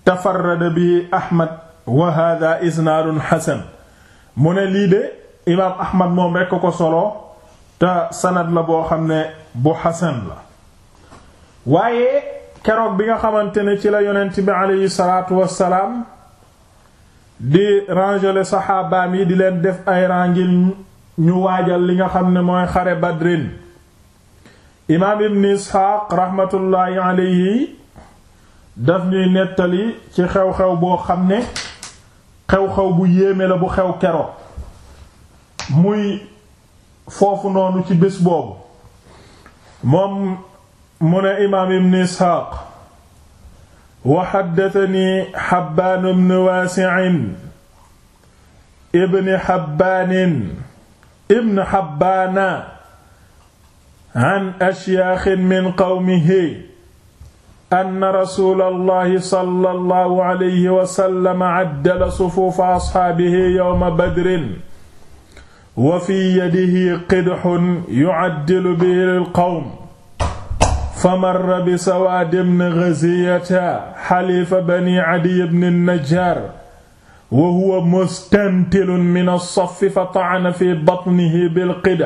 tafarrada bi ahmad wa hada isnaadun xasan mu ne lii de imaam ahmad moom rekk ko solo te sanad la boo xam ne bu xasan la waaye keroog bi nga xamante ne ci la yonent bi aleyhi salaatu wassalaam di rangele saxaabaam yi di leen def ay rangil ñu waajal li nga xam ne mooy xare badrin imaam ibn isxaaq raxmatullaahi aleyhi daf ñuy nettali ci xew-xew boo xam ne xew-xew bu yéeme la bu xew keroog muy foofu noonu ci bés boobu moom mu ne imaam ibn isxaaq wa xaddatani xabbaan ibn waasi'in ibn xabbaanin ibn xabbaana an ashyaaxin min qawmihi anna rasuulallahi sallallahu alayhi wa sallam addala sufuufa asxaabihi yawma badrin wa fi yadihi qidhun yu'addilu bihi al-qawm famarra bi Sawaad ibn Ghaziyata xalifa bani Adiy ibn an-Najjar wa huwa mustantilun min as-saffi fata'ana fi batnihi bil-qidh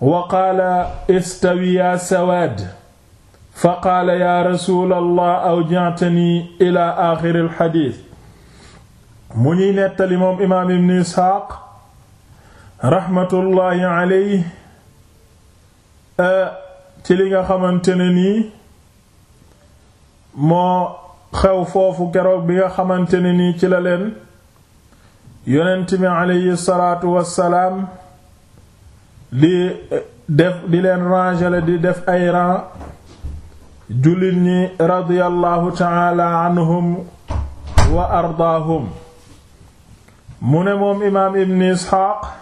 wa qaala istawi ya Sawaad fa qaala ya rasuulallah awja'tani ila aaxiril xadiis mu ñuy nettali moom imaam Ibn Isxaaq raxmatullaahi alayhi ci li nga xamante ne nii moo xew foofu keroog bi nga xamante ne nii ci la leen yonent mi alayhi salaatu wassalaam di def di leen rangele di def ay ran jullit ñi radiyallahu taala anhum wa ardaahum mu ne moom imaam ibn isxaaq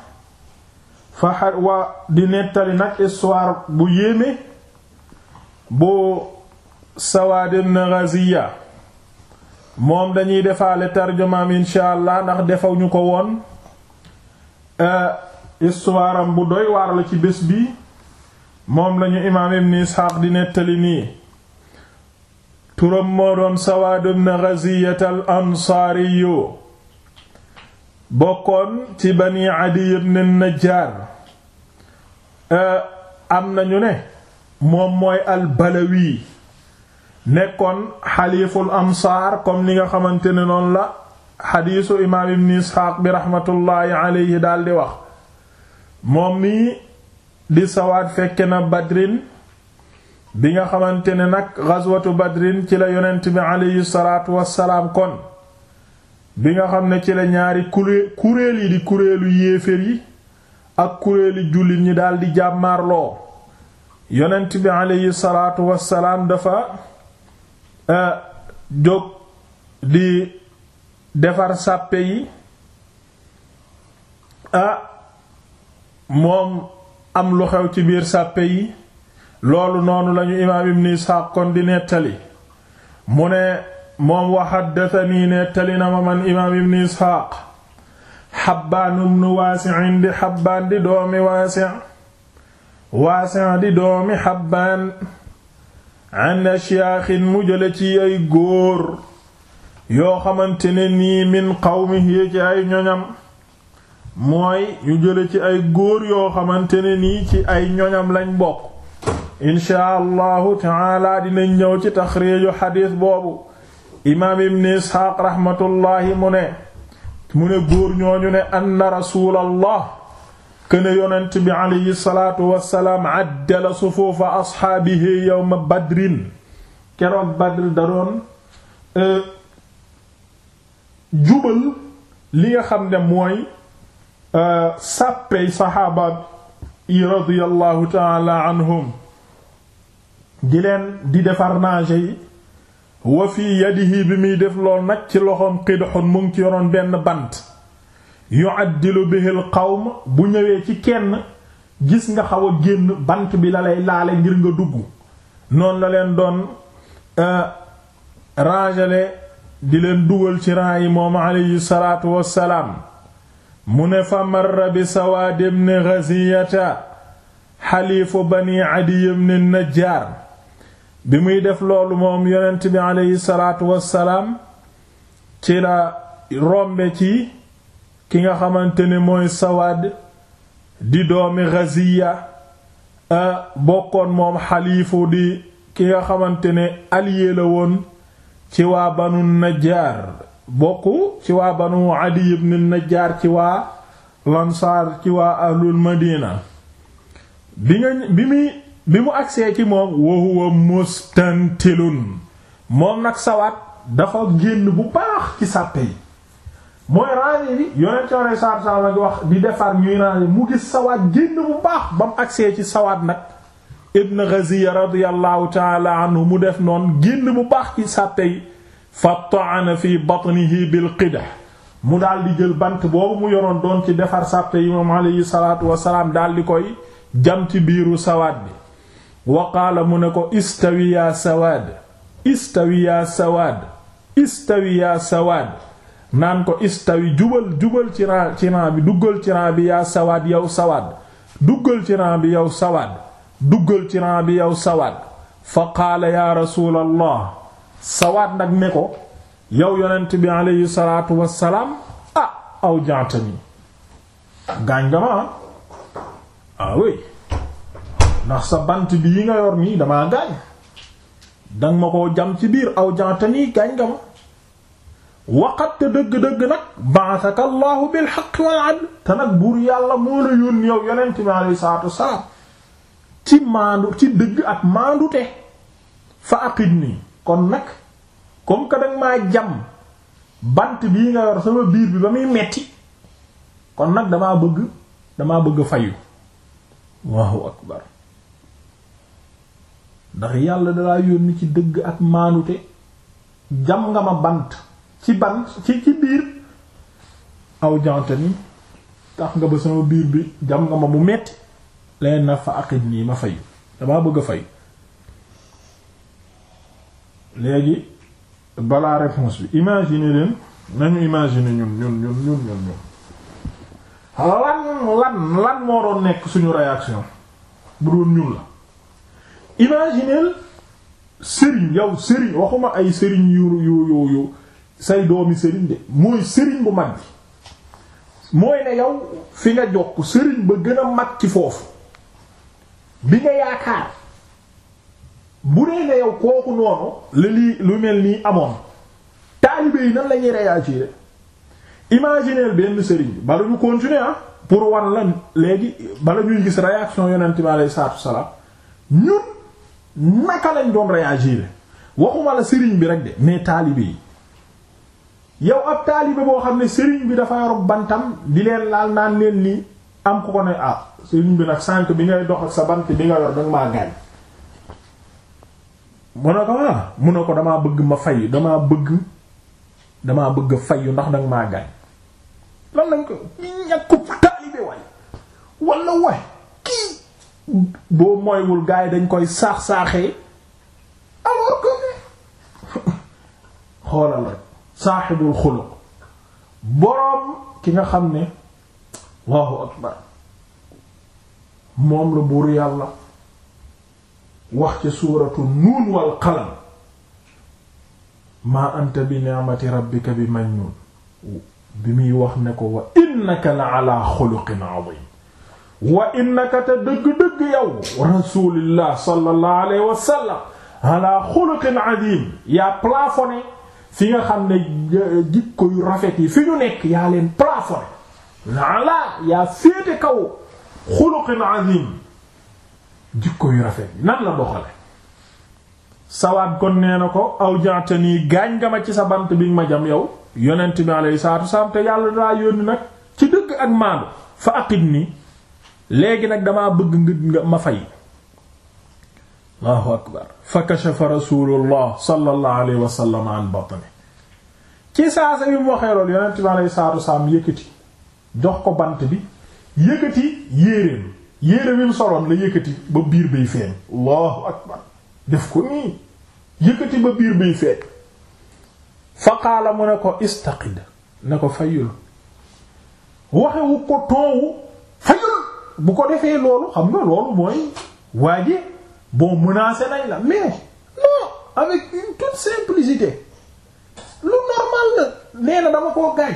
fa wa di nettali nag histoire bu yéeme bu Sawaad ibn Ghaziya moom dañuy defaale tarjumaam insha allah ndax defaw ko woon euh, histoire bu doy waar la ci bés bi moom lañu imaam ibn Isxaaq di nettali nii turam moo doon Sawaad ibn Ghaziya al bokkoon ci Bani Adiy ibn Najjaar Euh, am nañu ne moom mooy albalawi nekkoon xaliiful ansaar comme ni nga xamante ne noonu la xadiisu imaam ibn isxaaq bi raxmatullaahi aleyhi daldi wax moom nii di sawaat fekke na badrin bi nga xamante ne nag gazwatu badrin ci la yonent bi aleyhi salaatu wassalaam kon bi nga xam ne ci la ñaari kuréel yi di kuréelu yéeféer yi ak kuréeli jullit ñi daldi jàmmarloo yonent bi aleyhi salaatu wassalaam dafa eh, jóg di defar sàppe yi ah moom am lu xew ci biir sàppe yi loolu noonu lañu imaam ibn Isxaaq kon di nettali mu ne moom wa haddathanii nettali na ma man imaam ibn Isxaaq xabbaanum nu waasi'in di xabbaan di doomi waasi' waasi' di doomi xabbaan an ashyaaxin mu jële ci ay góor yoo xamante nii min qawmihi ci ay ñoñam mooy ñu jële ci ay góor yoo xamante ne nii ci ay ñoñam lañ bokk inchaa allahu taala dinañ ñëw ci taxriiju xadiis boobu imaam ibn isxaaq raxmatullaahi mu ne mu ne góor ñooñu ne anna rasuulallah këne yonent bi aleyhi salaatu wassalaam àddala sufuufa asxaabihi yawma badrin keroog badr da doon e, jubal li nga xam ne mooy e, sàppey saxaaba yi radiyallahu taala anhum di leen di defar yi wa fii yadihi bi muy def lool nag ci loxoom qidhun mu ngi ci yoroon benn bant yu'addilu bihi al-qawm bu ñëwee ci kenn gis nga xaw génn bant bi la lay laale ngir nga dugg noonu la leen doon euh, rangale di leen dugal ci ran yi moom alayhi salaatu wassalaam mu ne fa marra bi Sawaad ibn Ghaziyata xaliifu bani Adiy ibn Najjaar bi muy def loolu moom yonent bi aleyhi salaatu wassalaam ci la rombe ci ki nga xamante ni mooy sawaad di doomi Ghaziya bokkoon moom xaliifu di ki nga xamante ne allié la woon ci waa banu najjaar bokk ci waa banu Adi ibn najjaar ci waa lansaar ci waa ahlul madina bi muy bi mu agsee ci moom wa huwa mustantilun moom nag sawaat dafa génn bu baax ci sàppe yi mooy rangé bi yonent yore saab saab nag wax di defar ñuy rangé mu gis sawaat génn bu baax ba mu agsee ci sawaat nag ibn Ghaziya radiyallahu taala anhu mu def noonu génn bu baax ci sàppe yi fa ta'ana fi batnihi bil qidah mu daal di jël bant boobu mu yoroon doon ci defar sàppe yi moom alayhi salaatu wasalaam daal koy jam ci biiru sawaat bi waqaala mu ne ko istawi yaa sawaad istawi yaa sawaad istawi yaa sawaad naan ko istawi jubal jubal ci ran ci ran bi duggal ci ran bi yaa sawaad yow sawaad duggal ci ran bi yow sawaad duggal ci bi yow sawaad fa qaala yaa rasuulallah sawaad nag ne ko yow yonent bi aleyhi salaatu wassalaam ah aw jantani gaañ nga ma ah, ah oui ndax sa bant bi yi nga yor nii damaa gaañ danga ma koo jam ci biir aw janta nii gaañ nga ma waqat te dëgg-dëgg nag ba'athaka Allahu bil haqqi wal 'adl te nag buur yàlla moo la yónni yow yonent mi alayhi salaatu wassalaam ci maandu ci dëgg ak maandute fa nii kon nag comme que danga maa jam bant bii nga yor sama biir bi ba muy metti kon nag damaa bëgg damaa bëgg fayu Allahu akbar ndax yàlla dalaa yónni ci dëgg ak maanute jam nga ma bant ci bant ci ci biir aw jante ni tax nga ba sama biir bi jam nga ma mu metti leen na fa aqit nii ma fay dama bëgg a fay léegi balaa réponse bi imagine leen nañu imagine ñun ñun ñun ñun ñun lan lan lan moo doon nekk suñu réaction bu doon ñun la imagineel sëriñ yow sëriñ waxuma ay sëriñ yu yu yu yu say doomi sëriñ de mooy sëriñ bu mag bi mooy ne yow fi nga jokk sëriñ ba gën a mag ci foofu bi nga yaakaar bu dee ne yow kooku noonu la lii lu mel nii amoon taalibe yi nan la ñuy réagir imagineel benn sëriñ bi bala ñu continuer ah, pour wan la léegi bala ñuy gis réaction yonent bi alayhi salaam ñun naka lañ doon réagir waxuma la sëriñ bi rek de mais taalibe yi yow ab taalibe boo xam ne sëriñ bi dafa yor bantam di leen laal naan leen lii am ku ko ne ah sëriñ bi nag sànk bi ngay dox ak sa bant bi nga yor danga maa gaañ mu ne ko ah mu ko damaa bëgg ma fay damaa bëgg damaa bëgg fayyu ndax danga maa gaañ lan lañ ko ñàkkub taalibe waay walla waay kii boo mooywul gars yi dañ koy saax saaxee alors que xoolal rek saaxibul xuluq boroom ki nga xam ne Allahu akbar moom la buur yàlla wax ci suuratu nuun wa qalam maa anta bi ni'mati rabbika bi majnun bi muy wax ne ko wa innaka la ala xuluqin azim wa innaka te dëgg-dëgg yow rasulillah sallallahu alayhi wa sallam ala xuluqin azim yaa plafonné fi nga xam ne jikko yu rafet yi fi ñu nekk yaa leen plafonné ala yaa féete kaw xuluqin azim jikko yu rafet yi la doxale sawaat kon nee na ko aw jantanii gaañ nga ma ci sa bant bi ma jam yow yonent bi alayhi salaatu wasalaam te yàlla daa yónni nag ci dëgg ak maandu fa aqid nii léegi nag damaa bëgg nga ma fay allahu akbar fa kashafa rasulullah sallallahu alayhi wa jox ko bant bi yëkkati yéeréem yéere soloon la yëkkati ba biir bay feeñ allahu akbar def ko nii yëkkati ba biir bay feeñ fa qaala ne ko istaqid ne ko fayul waxewu ko toowu fayul bu ko defee loolu xam nga loolu mooy waaje bon menacé nañ la mais non avec une toute simplicité lu normal la nee na dama koo gaañ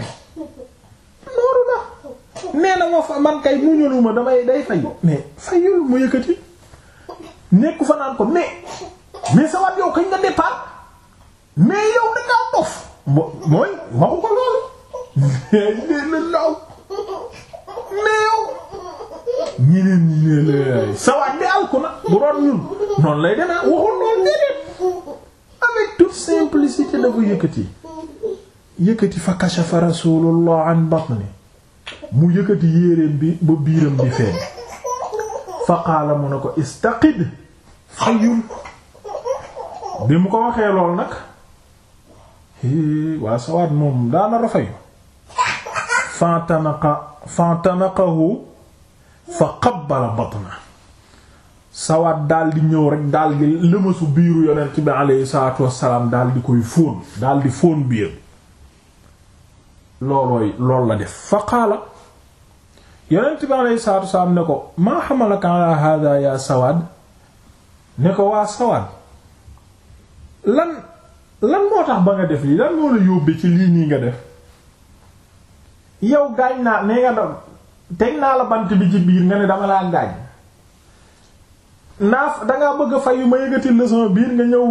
nooru la nee ma man kay muñaluma damay day fay mais fayul mu yëkkati nekku fa naan ko mais mais sa wat yow kañ nga départ mais yow da dof mooy waxu ko loolu mais lée la mais yow ñi leen ñi leen sawaat bi alku na bu doon ñun noonu lay demee waxul noonu déedéet avec toute simplicité dafa yëkkati yëkkati fa kashafa rasulullah an mu yëkkati yéreem bi ba biiram bi feeñ fa qaala mu ne ko istaqid fayyul bi mu ko waxee lool nag waa sawaat moom daana rafayu fantanaqa fantanaqahu fa qabbala batna sawaat daal di ñëw rek daal di lëmasu biiru yonent bi aleyhi salaatu wassalaam daal di koy fóon daal di fóon biir loolooy loolu la def fa qaala yonent bi aleyhi salaatu wassalaam ne ko maa xamalaka ala hada ya sawaad ne ko waa sawaad lan lan moo tax ba nga def lii lan moo la yóbbee ci lii nii nga def yow gaañ naa nee nga teg naa la bant bi ci biir nga ne dama laa ngaañ naaf dangaa bëgg a fayu ma yëgatil la sama biir nga ñëw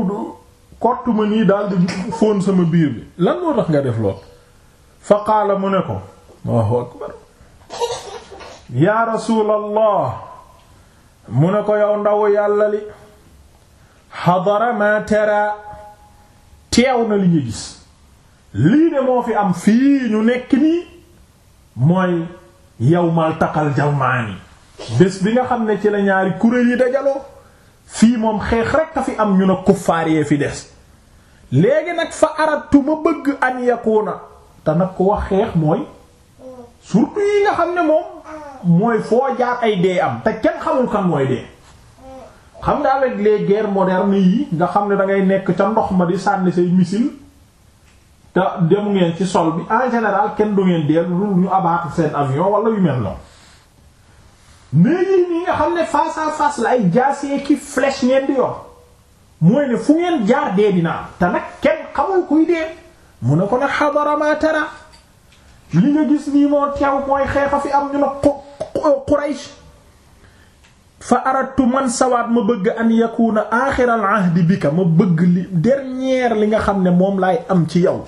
kottu ma nii daal di sama biir bi lan moo tax nga def lool fa qaala mu ne ko Allahu akbar mu ne ko ndaw yàlla li xadara ma tera teew na li nga gis lii de moo fi am fii ñu nekk nii mooy yawmal taqal jalmaani bés bi nga xam ne ci la ñaari kuréel yi dajaloo fii moom xeex rekk a fi am ñu ne kuffaar yee fi des léegi nag fa aratu ma bëgg an na te nag ko wax xeex mooy surtout yi nga xam ne moom mooy foo jaar ay dee am te kenn xamul kan mooy dee xam nga avec les guerres yi nga xam ne dangay nekk ca ndox ma di sànni say missile dem ngeen ci sol bi en général kenn du ngeen deel lu ñu abaatu seen avion wala yu mel noonu mais yii nii nga xam ne face à la ay jaasee ki flèche ngeen di yor mooy ne fu ngeen jaar dee dina te nag kenn xamul kuy dee mu ne ko nag xadara ma tara li nga gis nii moo teew mooy xeexa fi am ñu na Quraysh fa aradtu man sawaat ma bëgg an yakuna axiral ahdi bika ma bëgg li dernier li nga xam ne moom laay am ci yow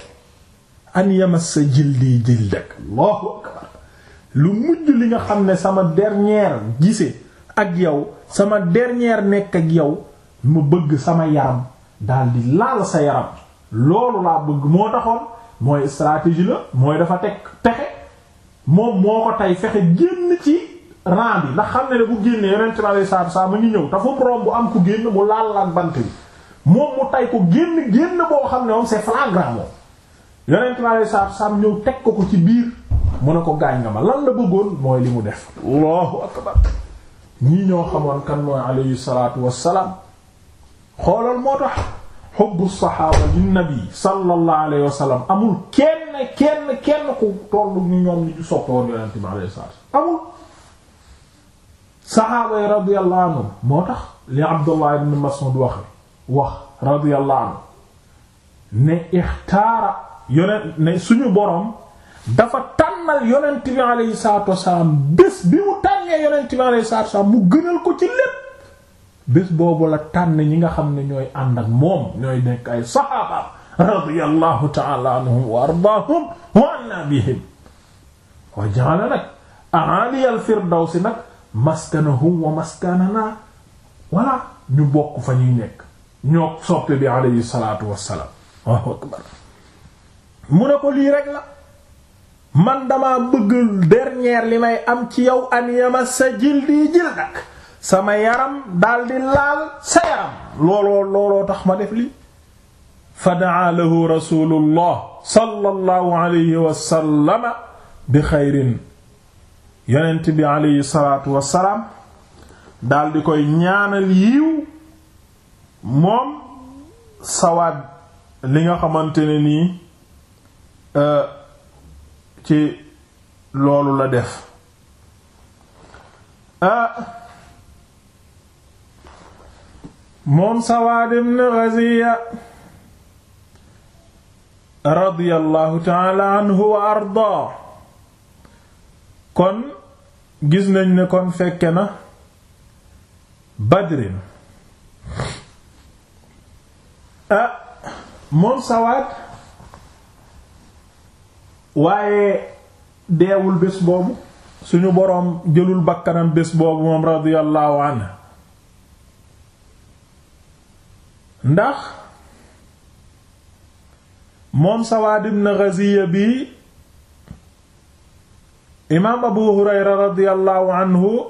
an yamassa jildi jildak Allahu akbar lu mujj li nga xam ne sama dernière gise ak yow sama dernier nekk ak yow mu bëgg sama yaram di laal sa yaram loolu laa bëgg moo taxoon mooy stratégie la mooy dafa teg pexe moom moo ko tey fexe génn ci ran bi ndax xam ne ne bu génnee yonent bi alei saatu salaam a ngi ñëw te fu mu romb am ku génn mu laal ak bant bi moom mu tay ko génn génn boo xam ne moom c'est flagrant moom yonent bi alei salaatu ñëw teg ko ci biir mu ne ko gaañ nga ma lan la bëggoon mooy li mu def allahu akbar ñii ñoo xamoon kan mooy alayhi salaatu wassalaam xoolal moo tax xubbu saxaaba lin nabi sallallahu alayhi amul kenn kenn ku tollu ñu ñoom ñi ñu bi alayhi moo tax li Abdullah ibn Mas'ud wax wax radiyallahu ne ixtaara yonent ne suñu boroom dafa tànnal yonent bi alayhi salaatu wasalaam bés bi mu tànnee yonent bi alayhi salaatu wasalaam mu gënal ko ci bés boobu la tànn ñi nga xam ne ñooy ànd moom ñooy nekk ay saxaaba radiyallahu ta'ala anhum wa ardaahum wa anna bihim wa ja'ala bokk fa ñuy nekk ñoo soppe bi alayhi salaatu mu ne ko lii rekk la man dama bëgg dernière li may am ci yow an yama sa jildi jildak sama yaram daldi laal sa yaram looloo looloo tax ma def lii fa daa lahu rasulullah sallallahu alayhi wa bi xayrin yonent bi alayhi salaatu wassalaam daldi koy ñaanal yiw moom sawaat li nga xamante nii Euh, ci loolu la def euh, moom Sawaad ibn Ghaziya radiyallahu taala anhu ardaa kon gis nañ ne kon fekke na Badrin euh, moom Sawaad waaye deewul bés boobu suñu boroom jëlul bakkanam bés boobu moom radiyallahu anhu ndax moom Sawaad ibn bi imaam Abu Hurayra radiyallahu anhu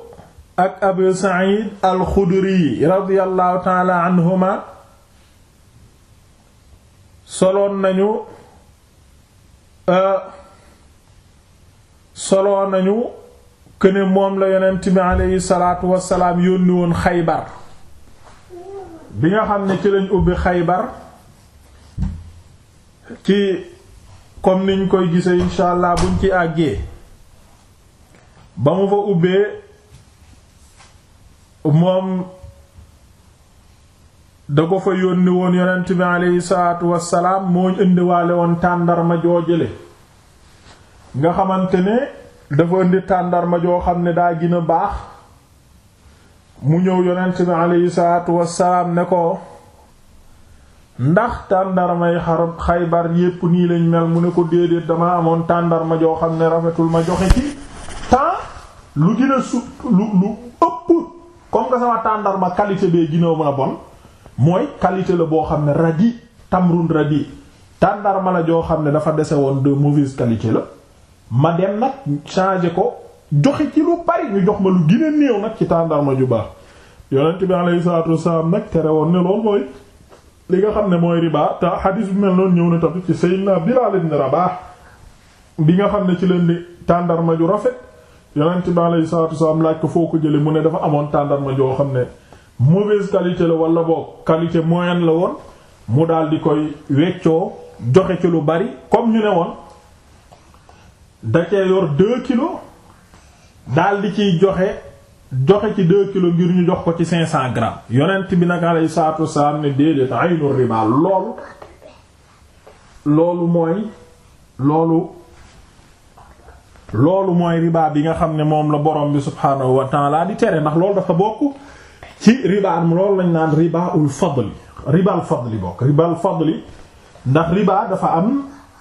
ak Abu Sa'id al-Khudri radiyallahu ta'ala anhuma soloon nañu Euh, soloo nañu këne moom la yeneen bi aleyhi salaatu wasalaam yónni woon xaybar bi nga xam ne ci lañ ubbi xaybar ci comme niñ koy gisee incha allah buñ ci àggee ba mu fa ubbee moom da ko fa yónni woon yonent bi aleyhi salaatu wassalaam indiwaale woon tàndarma joo jële nga xamante ne dafa indi tàndarma joo xam ne daa gën baax mu ñëw yonent bi aleyhi salaatu ne ko ndax tàndarmay xarab xaybar yépp nii lañ mel mu ne ko déedéet dama amoon tàndarma joo xam ne rafetul ma joxe ci temps lu gën a lu ëpp comme que sama tàndarma qualité bee ginaaw mën a bon mooy qualité la boo xam ne radi tamrun radi tàndarma la joo xam ne dafa dese woon de mauvaise qualité la ma dem nag changer ko joxe ci lu bari ñu jox ma lu gën a néew nag ci tàndarma ju baax yonent bi alayhi salaatu wasalaam nag tere woon ne loolu mooy li nga xam ne mooy ribaa te xadiis bi mel noonu ñëw na tamit ci naa Seydina Bilaal ibn Rabah bi nga xam ne ci leen di tàndarma ju rafet yonent bi alayhi salaatu wasalaam laaj ko foo ko jële mu ne dafa amoon tàndarma joo xam ne mauvaise qualité la wala boog qualité moyenne la woon mu daal di koy weccoo joxe ci lu bari comme ñu ne woon da cee yor 2 daal di ciy joxe joxe ci 2 kilos ngir ñu jox ko ci 500 grammes yonent bi nag alayhi salaatu wassalaam ne déedéet aynu riba loolu loolu mooy loolu loolu mooy riba bi nga xam ne moom la borom bi subhaanahu wa ta'ala di tere ndax loolu dafa bokk. ci riba loolu lañ naan riba ul fadli riba al fadli bokk riba al fadli ndax riba dafa am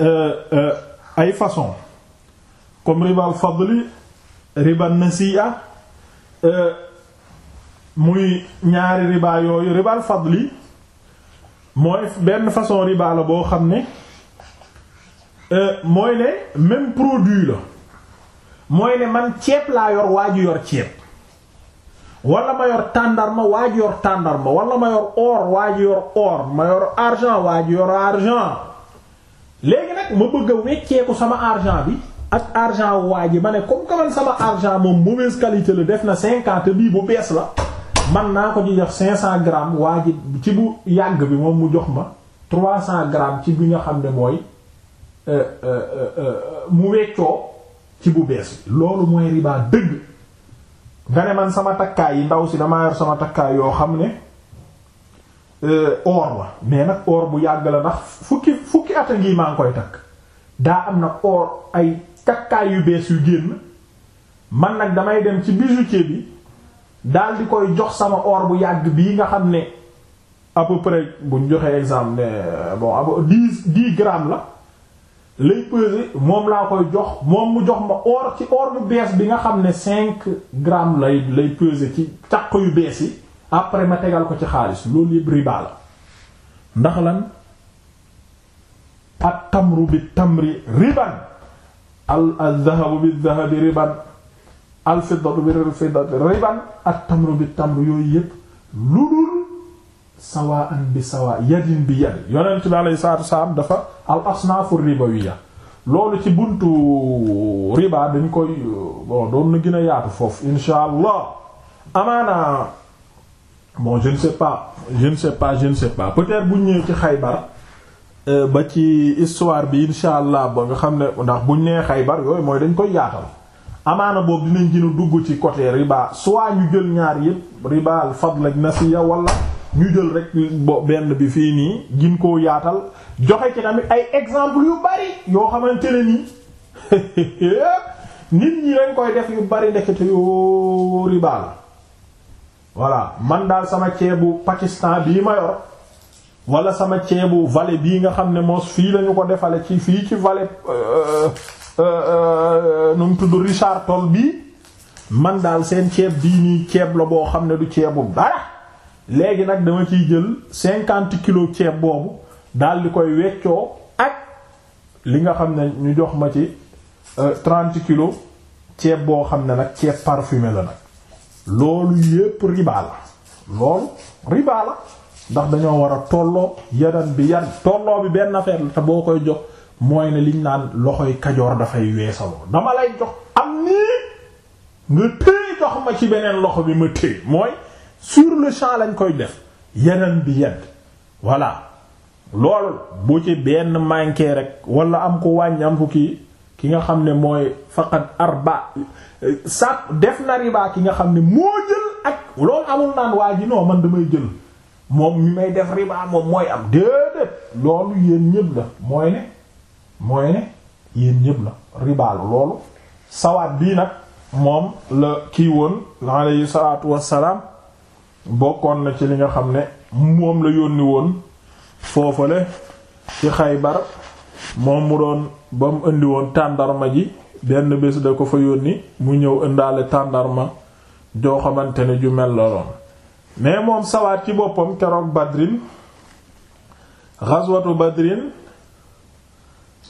euh, euh, ay façon comme riba al fadli riba nasi'a euh, muy ñaari riba yooyu riba al fadli mooy benn façon riba la boo xam ne mooy ne même produit la mooy ne man ceeb laa yor waa ju yor ceeb wala ma yor tàndarma waa ji yor tàndarma wala ma yor or yor or mayor yor argent waa ji yor argent léegi nag ma bëgg a wecceeku sama argent bi ak argent waa ji ma ne comme que sama argent moom mauvaise qualité la def na cinquante bii bu bees la man naa ko ci jox cinq cent gramme waa ci bu yàgg bi moom mu jox ma trois cent gramme ci bi nga xam ne mooy euh, euh, euh, mu weccoo ci bu bees bi loolu mooy riba dëgg nga ne man sama takkaay yi ndaw si damaa yor sama takkaay yoo xam ne euh, or la mais nag or bu yàgg la ndax fukki fukki at a ngi maa ngi koy takk daa am na or ay takkaay yu bees yu génn man nag damay dem ci bijoutier bi daal di koy jox sama or bu yàgg bii nga xam ne à peu près buñ joxee exemple ne bon à peu dix dix grammes la lay peser moom laa koy jox moom mu jox ma or ci or bu bees bi nga xam ne cinq grammes lay lay peser ci caq yu bees yi après ma tegal ko ci xaalis loolu yëpp riba la ndax lan at tamru bi tamri riban al al dhahabu bi dhahabi riban al fiddatu bi fiddati riban at bi tamri yooyu yëpp lu dul sawaan bi sawa yadin bi yad yonent bi alayhi salaatu wasalaam dafa al asnaafu ribawiya loolu ci buntu riba dañ koy bon doon na gën yaatu foofu insha allah amaana bon je ne sais pas je ci xaybar euh, ba ci histoire bi insha allah xam ndax buñ nee xaybar yooyu mooy dañ koy yaatal amaana boobu dinañ gën dugg ci côté riba soit ñu jël ñaar yépp riba al fadl nasiya wala ñu jël rek bo benn bi fii nii gin koo yaatal joxe ci tamit ay exemple yu bari yoo xamante ne nii nit ñi dañ koy def yu bari ndekete yoo riba la voilà man daal sama ceebu Pakistan bii ma yor wala sama ceebu vallée bii nga xam ne moos fii lañu ko defale ci fii ci vale euh, euh, euh, nu mu tudd Richard Toll bii man daal seen ceeb bii nii ceeb la boo xam ne du ceebu dara léegi nag dama ciy jël cinquante kilos ceeb boobu daal di koy weccoo ak li nga xam ne ñu jox ma ci euh, trente kilos ceeb boo xam ne nag ceeb parfumé la nag loolu yépp riba la loolu riba la ndax dañoo war a tolloo yadan bi yan tolloo bi benn affaire la te boo koy jox mooy ne liñ naan loxoy kajoor dafay weesaloo dama lay jox am nii nga téye jox ma ci beneen loxo bi ma téye mooy sur le champ lañ koy def yeneen bi yedd voilà loolu bu ci benn manqué rek walla am ko wàññi am ki nga xam ne mooy faqat arba sa def na riba ki nga xam ne moo jël ak loolu amul naan waa man damay jël moom mi may def riba moom mooy am déedéet loolu yéen ñëpp la mooy ne mooy ne yéen ñëpp la riba la loolu sawaat bii nag moom la kii woon alayhi salaatu wassalaam bokkoon na ci li nga xam ne moom la yónni woon foofale ci xaybar moom mu doon ba mu indi woon tàndarma ji benn bés da ko fa yónni mu ñëw indaale tàndarma joo xamante ne ju mel la doon mais moom sawaat ci boppam keroog badrin ghazwatu badrin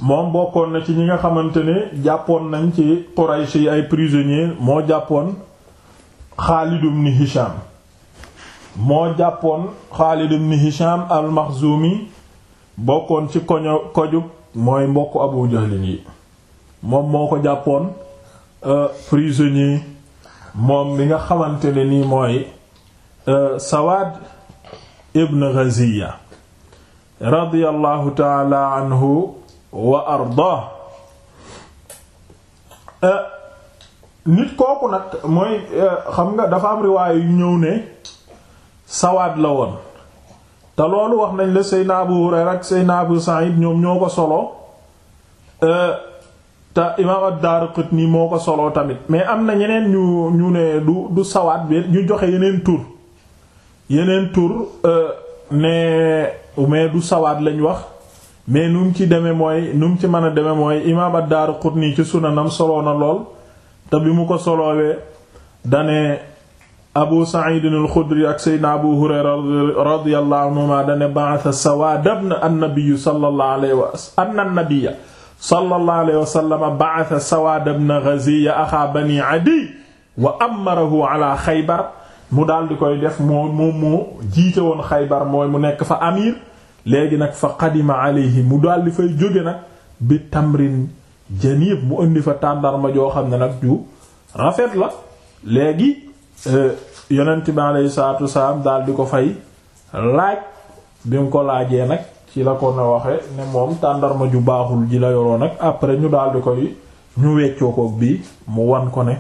moom bokkoon na ci ñi nga xamante ne jàppoon nañ ci Quraysh yi ay prisonniers moo jàppoon Xaalid ibn Hisham moo jàppoon Xaalid ibn Hisham bokkoon ci koño koju mooy mbokk Abu Jahlin yi moom moo ko jàppoon euh, prisonnier moom mi nga xamante ni mooy euh, Sawaad ibn Ghaziya radiyallahu taala wa arda euh, nit kooku nag mooy xam nga dafa am riwaaya yu ñëw ne sawaat la woon te loolu wax nañ la Seydina Abu rek ak Seydina Abu Sa'id ñoom ñoo ko solo euh, te imaam ad nii moo ko solo tamit mais am na ñeneen ñu ñu ne du du sawaat bi ñu joxe yeneen tur yeneen tur euh, ne mais du sawaat lañ wax mais nu mu ci demee mooy nu mu ci mën a demee mooy imaam ad-Daaraqutni ci sunanam solo na lool te bi mu ko soloowee dane abu sa'id al-xudri ak seydna abu hurayra radiyallahu anhuma dane ba'atha sawaad ibn an-nabiy sallallahu alayhi wa anna an-nabiy sallallahu alayhi wa sallam ba'atha sawaad ibn ghaziya axaa bani adiy wa amarahu ala xaybar mu daal di koy def moo moom moo jiite woon xaybar mooy mu nekk fa amir léegi nag fa qadima alayhi mu daal di fay jóge nag bi tamrin janib mu indi fa tàndarma joo xam ne nag ju rafet la léegi Eh, yonent bi alayhi salaatu wasalaam daal di ko fay laaj bi mu ko laajee nag ci la ko ne waxe ne moom tàndarma ju baaxul ji la yoroon nag après ñu daal di koy ñu weccoo ko bii mu wan ko ne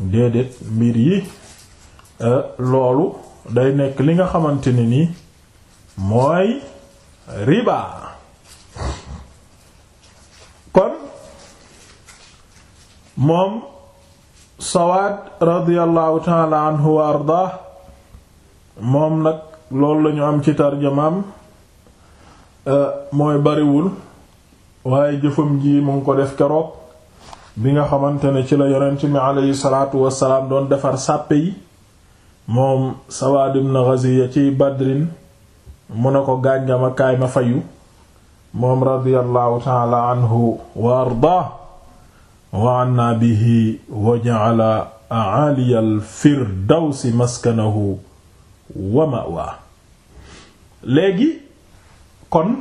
déedéet mbir yi eh, loolu day nekk li nga xamante ne nii mooy riba kon moom sawaad radiallahu taala anhu wa ardaa moom nag loolu lañu am ci tarjamaam euh, mooy bariwul waaye jëfam ji mu ngi ko def keroog bi nga xamante ne ci la yonent mi aleyhi salaatu wasalaam doon defar sàppe yi moom sawaad ibn ghaziya ci badrin mu ne ko gànjama kaay ma fayu moom radiallahu taala wa ardaa wa anna bihi wa ja'ala a'ali al-firdawsi maskanahu wa ma'wa léegi kon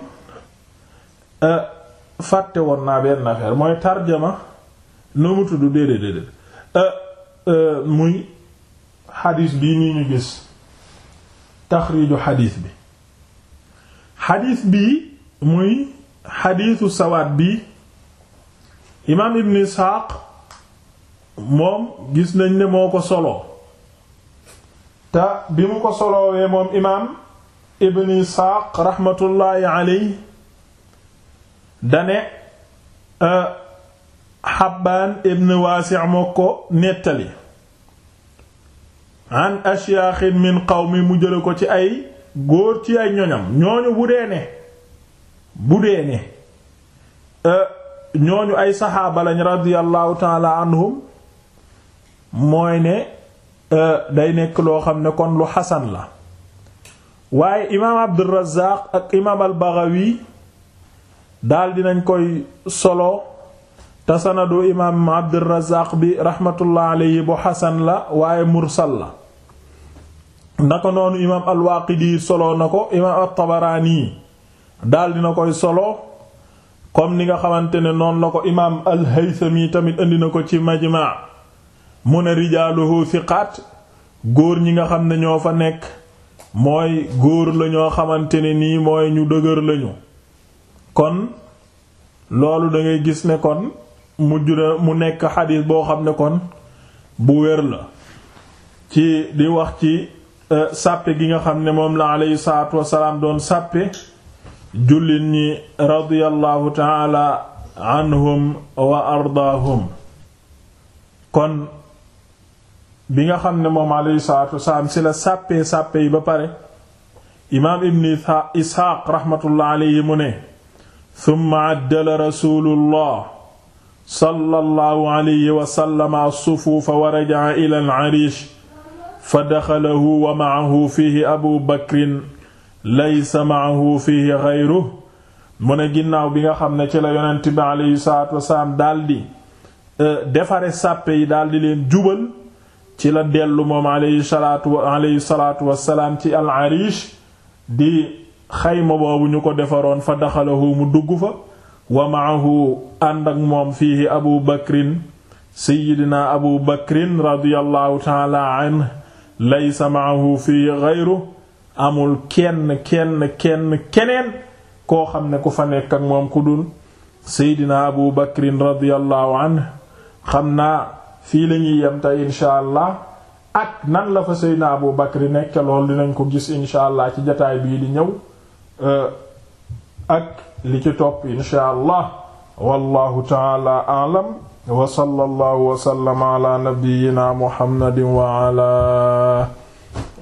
euh, fàtte woon naa benn affaire mooy tarjama noo mu tudd déedéet déedéet euh, euh, muy xadiis bii nii ñu gis taxriiju xadiis bi xadiis bii muy xadiisu sawaat bi imaam ibn isxaaq moom gis nañ ne moo ko solo te bi mu ko solowee moom imaam ibn isxaaq raxmatullaahi aley dane xabbaan euh, ibn waasi' moo ko nettali an ashyaaxin min qawmi mu jële ko ci ay góor ci ay ñoñam ñooñu bu dee ne bu ne euh, ñooñu ay saxaaba lañ radiyallahu taala anhum mooy ne euh, day nekk loo xam ne kon lu xasan la waaye imaam abdurazaq ak imaam albagawi daal dinañ koy solo te sanadu imaam abdurazaq bi raxmatullah alayhi bu xasan la waaye mursal la naka noonu imaam alwaaqidi solo na ko imaam altabaraani daal dina koy solo comme ni nga xamante ne noonu la ko imaam al tamit indi na ko ci majma mu ne rijaaluhu thiqaat góor ñi nga xam ne ñoo fa nekk mooy góor la ñoo xamante ne nii mooy ñu dëgër lañu kon loolu da gis ne kon mujj mu nekk xadiis boo xam ne kon bu wér la ci di wax ci euh, sàppe gi nga xam ne moom la aleyhi salaatu wasalaam doon sàppe jullit ñi radiyallahu taala anhum wa ardaahum kon bi nga xam ne moom alayhi salaatu wasalaam si la sàppee sàppe yi ba pare imaam ibn isxaaq raxmatullah alayhi mu ne summa àddala rasuulullah sallallahu alayhi wa sallam as-sufuufa wa raja'a ila al-ariish fa daxalahu wa ma'ahu fiihi abu bakrin laysa ma'ahu fii ghayruhu mu ne ginnaaw bi nga xam ne ci la yonent bi aleyhi salaatu wasalaam daldi e, defare sàppe yi daldi leen jubal ci la dellu moom aleyhi salaatu aleyhi salaatu ci al arish di xayma boobu ñu ko defaroon fa daxalahu mu dugg fa wa maahu ànd ak moom fii abu bakrin seyyidina abu bakrin radiyallahu taala anhu laysa maahu fiihi ghayruhu amul kenn kenn kenn keneen koo xam ne ku fa nekk ak moom ku dul seydina abu bakrin radiallahu anhu xam naa fii la ñuy yem tey allah ak nan la fa seydina abu bakri nekk lool dinañ ko gis incha allah ci jataay bii di ñëw ak li ci topp incha allah wallahu taala aalam wa sallallahu wa sallama ala nabiyyina muhammadin wa ala